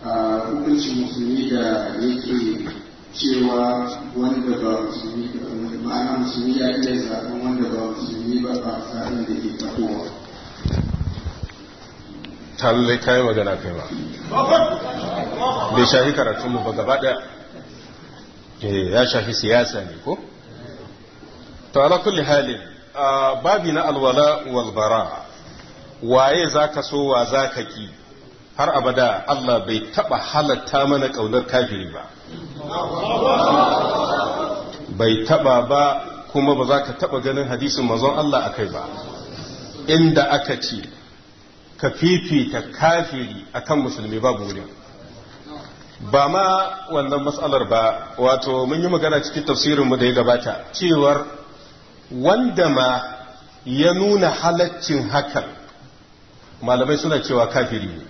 a hukuncin musulmi da yake cewa wanda ba musulmi ba ma'ana musulmi ya iya zaɓen wanda ba musulmi ba ba sa'in da ke tahowa talle kayi magana kai ba bai shafi karatunmu ba gaba ɗaya eh, ya shafi siyasa ne ko to ala kulli halin babi na alwala walbara waye za ka so wa za ka ki har abada Allah bai taba halatta mana kaunar kafiri ba bai taba ba kuma ba za ka taba ganin hadisin mazon Allah akai ba inda aka ce ka fifita kafiri akan musulmi babu wurin ba ma wannan matsalar ba wato mun yi magana cikin tafsirinmu da ya gabata cewar wanda ma ya nuna halaccin hakan malamai suna cewa kafiri ne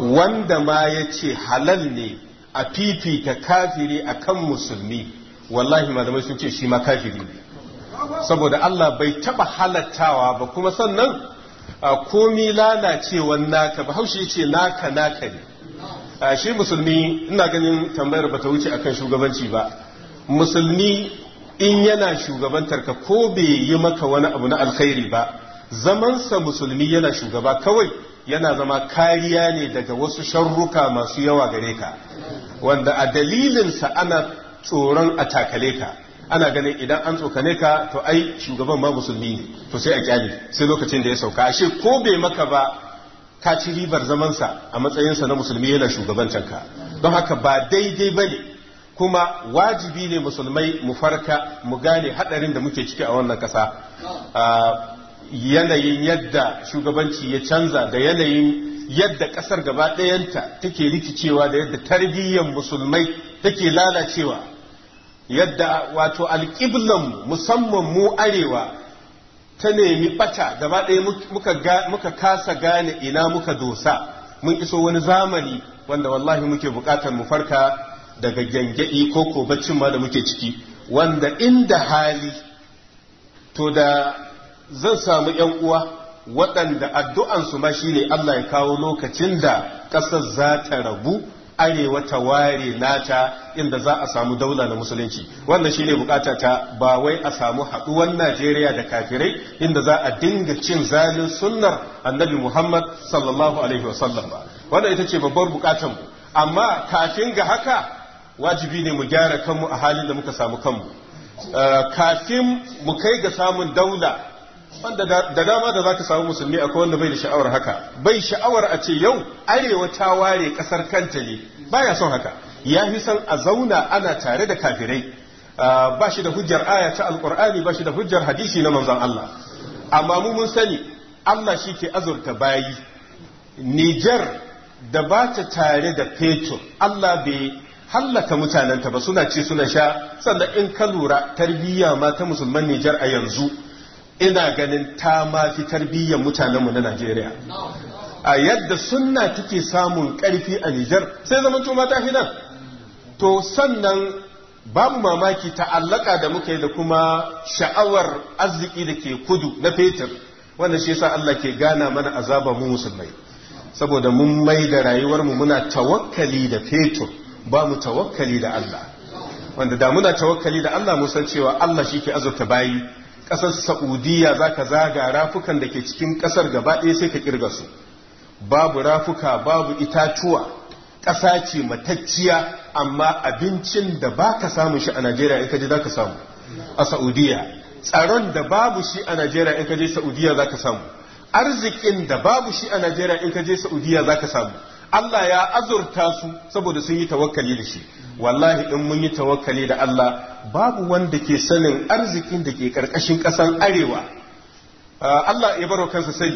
wanda ma ya ce halal ne a fifita kafiri a kan musulmi wallahi malamai sun ce shi ma kafiri ne saboda Allah bai taba halattawa ba kuma sannan komi lalacewan naka ba haushi ce naka naka ne shi musulmi ina ganin tambayar bata wuce akan shugabanci ba musulmi in yana shugabantar ka ko bai yi maka wani abu na alkhairi ba zamansa musulmi yana shugaba kawai yana zama kariya ne daga wasu sharruka masu yawa gare ka wanda a dalilinsa ana tsoron a takale ka ana ganin idan an tsokane ka to ai shugaban ma musulmi ne to sai a kyale sai lokacin da ya sauka shi ko bai maka ba ka ci ribar zamansa a matsayinsa na musulmi yana shugabantar ka don haka ba daidai ba ne kuma wajibi ne musulmai mu farka mu gane hadarin da muke ciki a wannan kasa ah, yanayin yadda shugabanci ya canza da yanayin yadda ƙasar gaba ɗayanta take rikicewa da yadda tarbiyyar musulmai take lalacewa yadda wato alƙiblan musamman mu arewa ta nemi ɓata gaba ɗaya muka kasa gane ina muka dosa mun iso wani zamani wanda wallahi muke buƙatar mu farka daga gyangyaɗi ko ko ma da muke ciki wanda inda hali to da zan samu ‘yan uwa waɗanda addu'ansu ma shi ne Allah ya kawo lokacin da ƙasar za ta rabu arewa ta ware nata inda za a samu daula na musulunci wannan shi ne bukata ta ba wai a samu haɗuwan Najeriya da kafirai inda za a dinga cin zalin sunnar annabi Muhammad sallallahu alaihi wasallam ba wannan ita ce babbar bukatan mu amma kafin ga haka wajibi ne mu gyara kanmu a halin da muka samu kanmu eh, kafin mu kai ga samun daula wanda da dama da ka samu musulmi akwai wanda bai da sha'awar haka bai sha'awar a ce yau arewa ta ware kasar kanta ne baya son haka ya fi son a zauna ana tare da kafirai ah, ba shi da hujjar aya ta alkur'ani ba shi da hujjar hadisi na manzon Allah amma mu mun sani Allah shi ke azurta bayi Nijar da ba ta tare da fetur Allah bai hallaka mutanenta ba suna ce suna sha sannan in ka lura tarbiyya ma ta musulman Nijar a yanzu ina ganin ta ma fi tarbiyyar mutanenmu na Najeriya a yadda suna take samun ƙarfi a Nijar sai zama to ta fi nan to sannan babu mamaki ta ta'allaka da muka yi da kuma sha'awar arziki da ke kudu na fetur Wanda shi sa Allah ke gana mana azaba mu musulmai saboda mun mai da rayuwarmu muna tawakkali da fetur ba mu tawakkali da Allah wanda da muna tawakkali da Allah mun san cewa Allah shi ke azurta bayi ƙasar saudiya za ka zaga rafukan da ke cikin ƙasar gaba ɗaya sai ka ƙirga su babu rafuka babu itatuwa ƙasa ce matacciya amma abincin da ba ka samun shi a najeriya in ka je za ka samu a saudiya tsaron da babu shi a najeriya in ka je saudiya za ka samu arzikin da babu shi a najeriya in ka je saudiya za ka samu allah ya azurta su saboda sun yi tawakkali da shi wallahi in mun yi tawakkali da Allah babu wanda ke sanin arzikin da ke karkashin ƙasan arewa ah, Allah ya baro kansa sai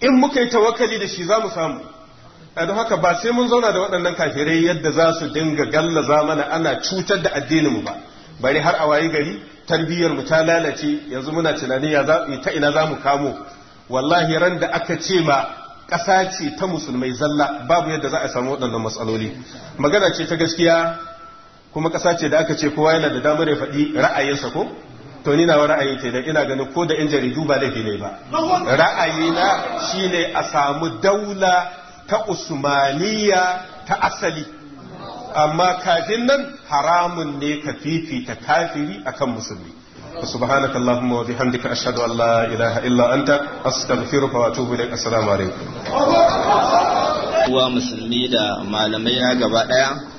in muka yi tawakkali da shi za mu samu ah, don haka ba sai mun zauna da waɗannan kafirai yadda za su dinga galla zamana ana cutar da addinin mu ba bari har a wayi gari tarbiyyar mu ta lalace yanzu muna tunani ya ta ina za mu kamo wallahi ran da aka ce ma ƙasa ce ta musulmai zalla babu yadda za a samu waɗannan matsaloli magana ce ta gaskiya kuma ƙasa ce da aka ce kowa yana da damar ya faɗi ra'ayinsa ko to ni na nawa ra'ayi ke da ina ganin ko da yan jaridu ba laifi ne ba ra'ayi ra'ayina shine a samu daula ta usmaniya ta asali amma kafin nan haramun ne ka fifita kafiri akan musulmi سبحانك اللهم وبحمدك أشهد أن لا إله إلا أنت أستغفرك وأتوب إليك السلام عليكم. wa musulmi da malamai a gaba ɗaya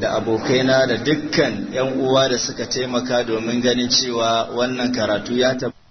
da abokaina da dukkan 'yan uwa da suka taimaka domin ganin cewa wannan karatu ya tabbata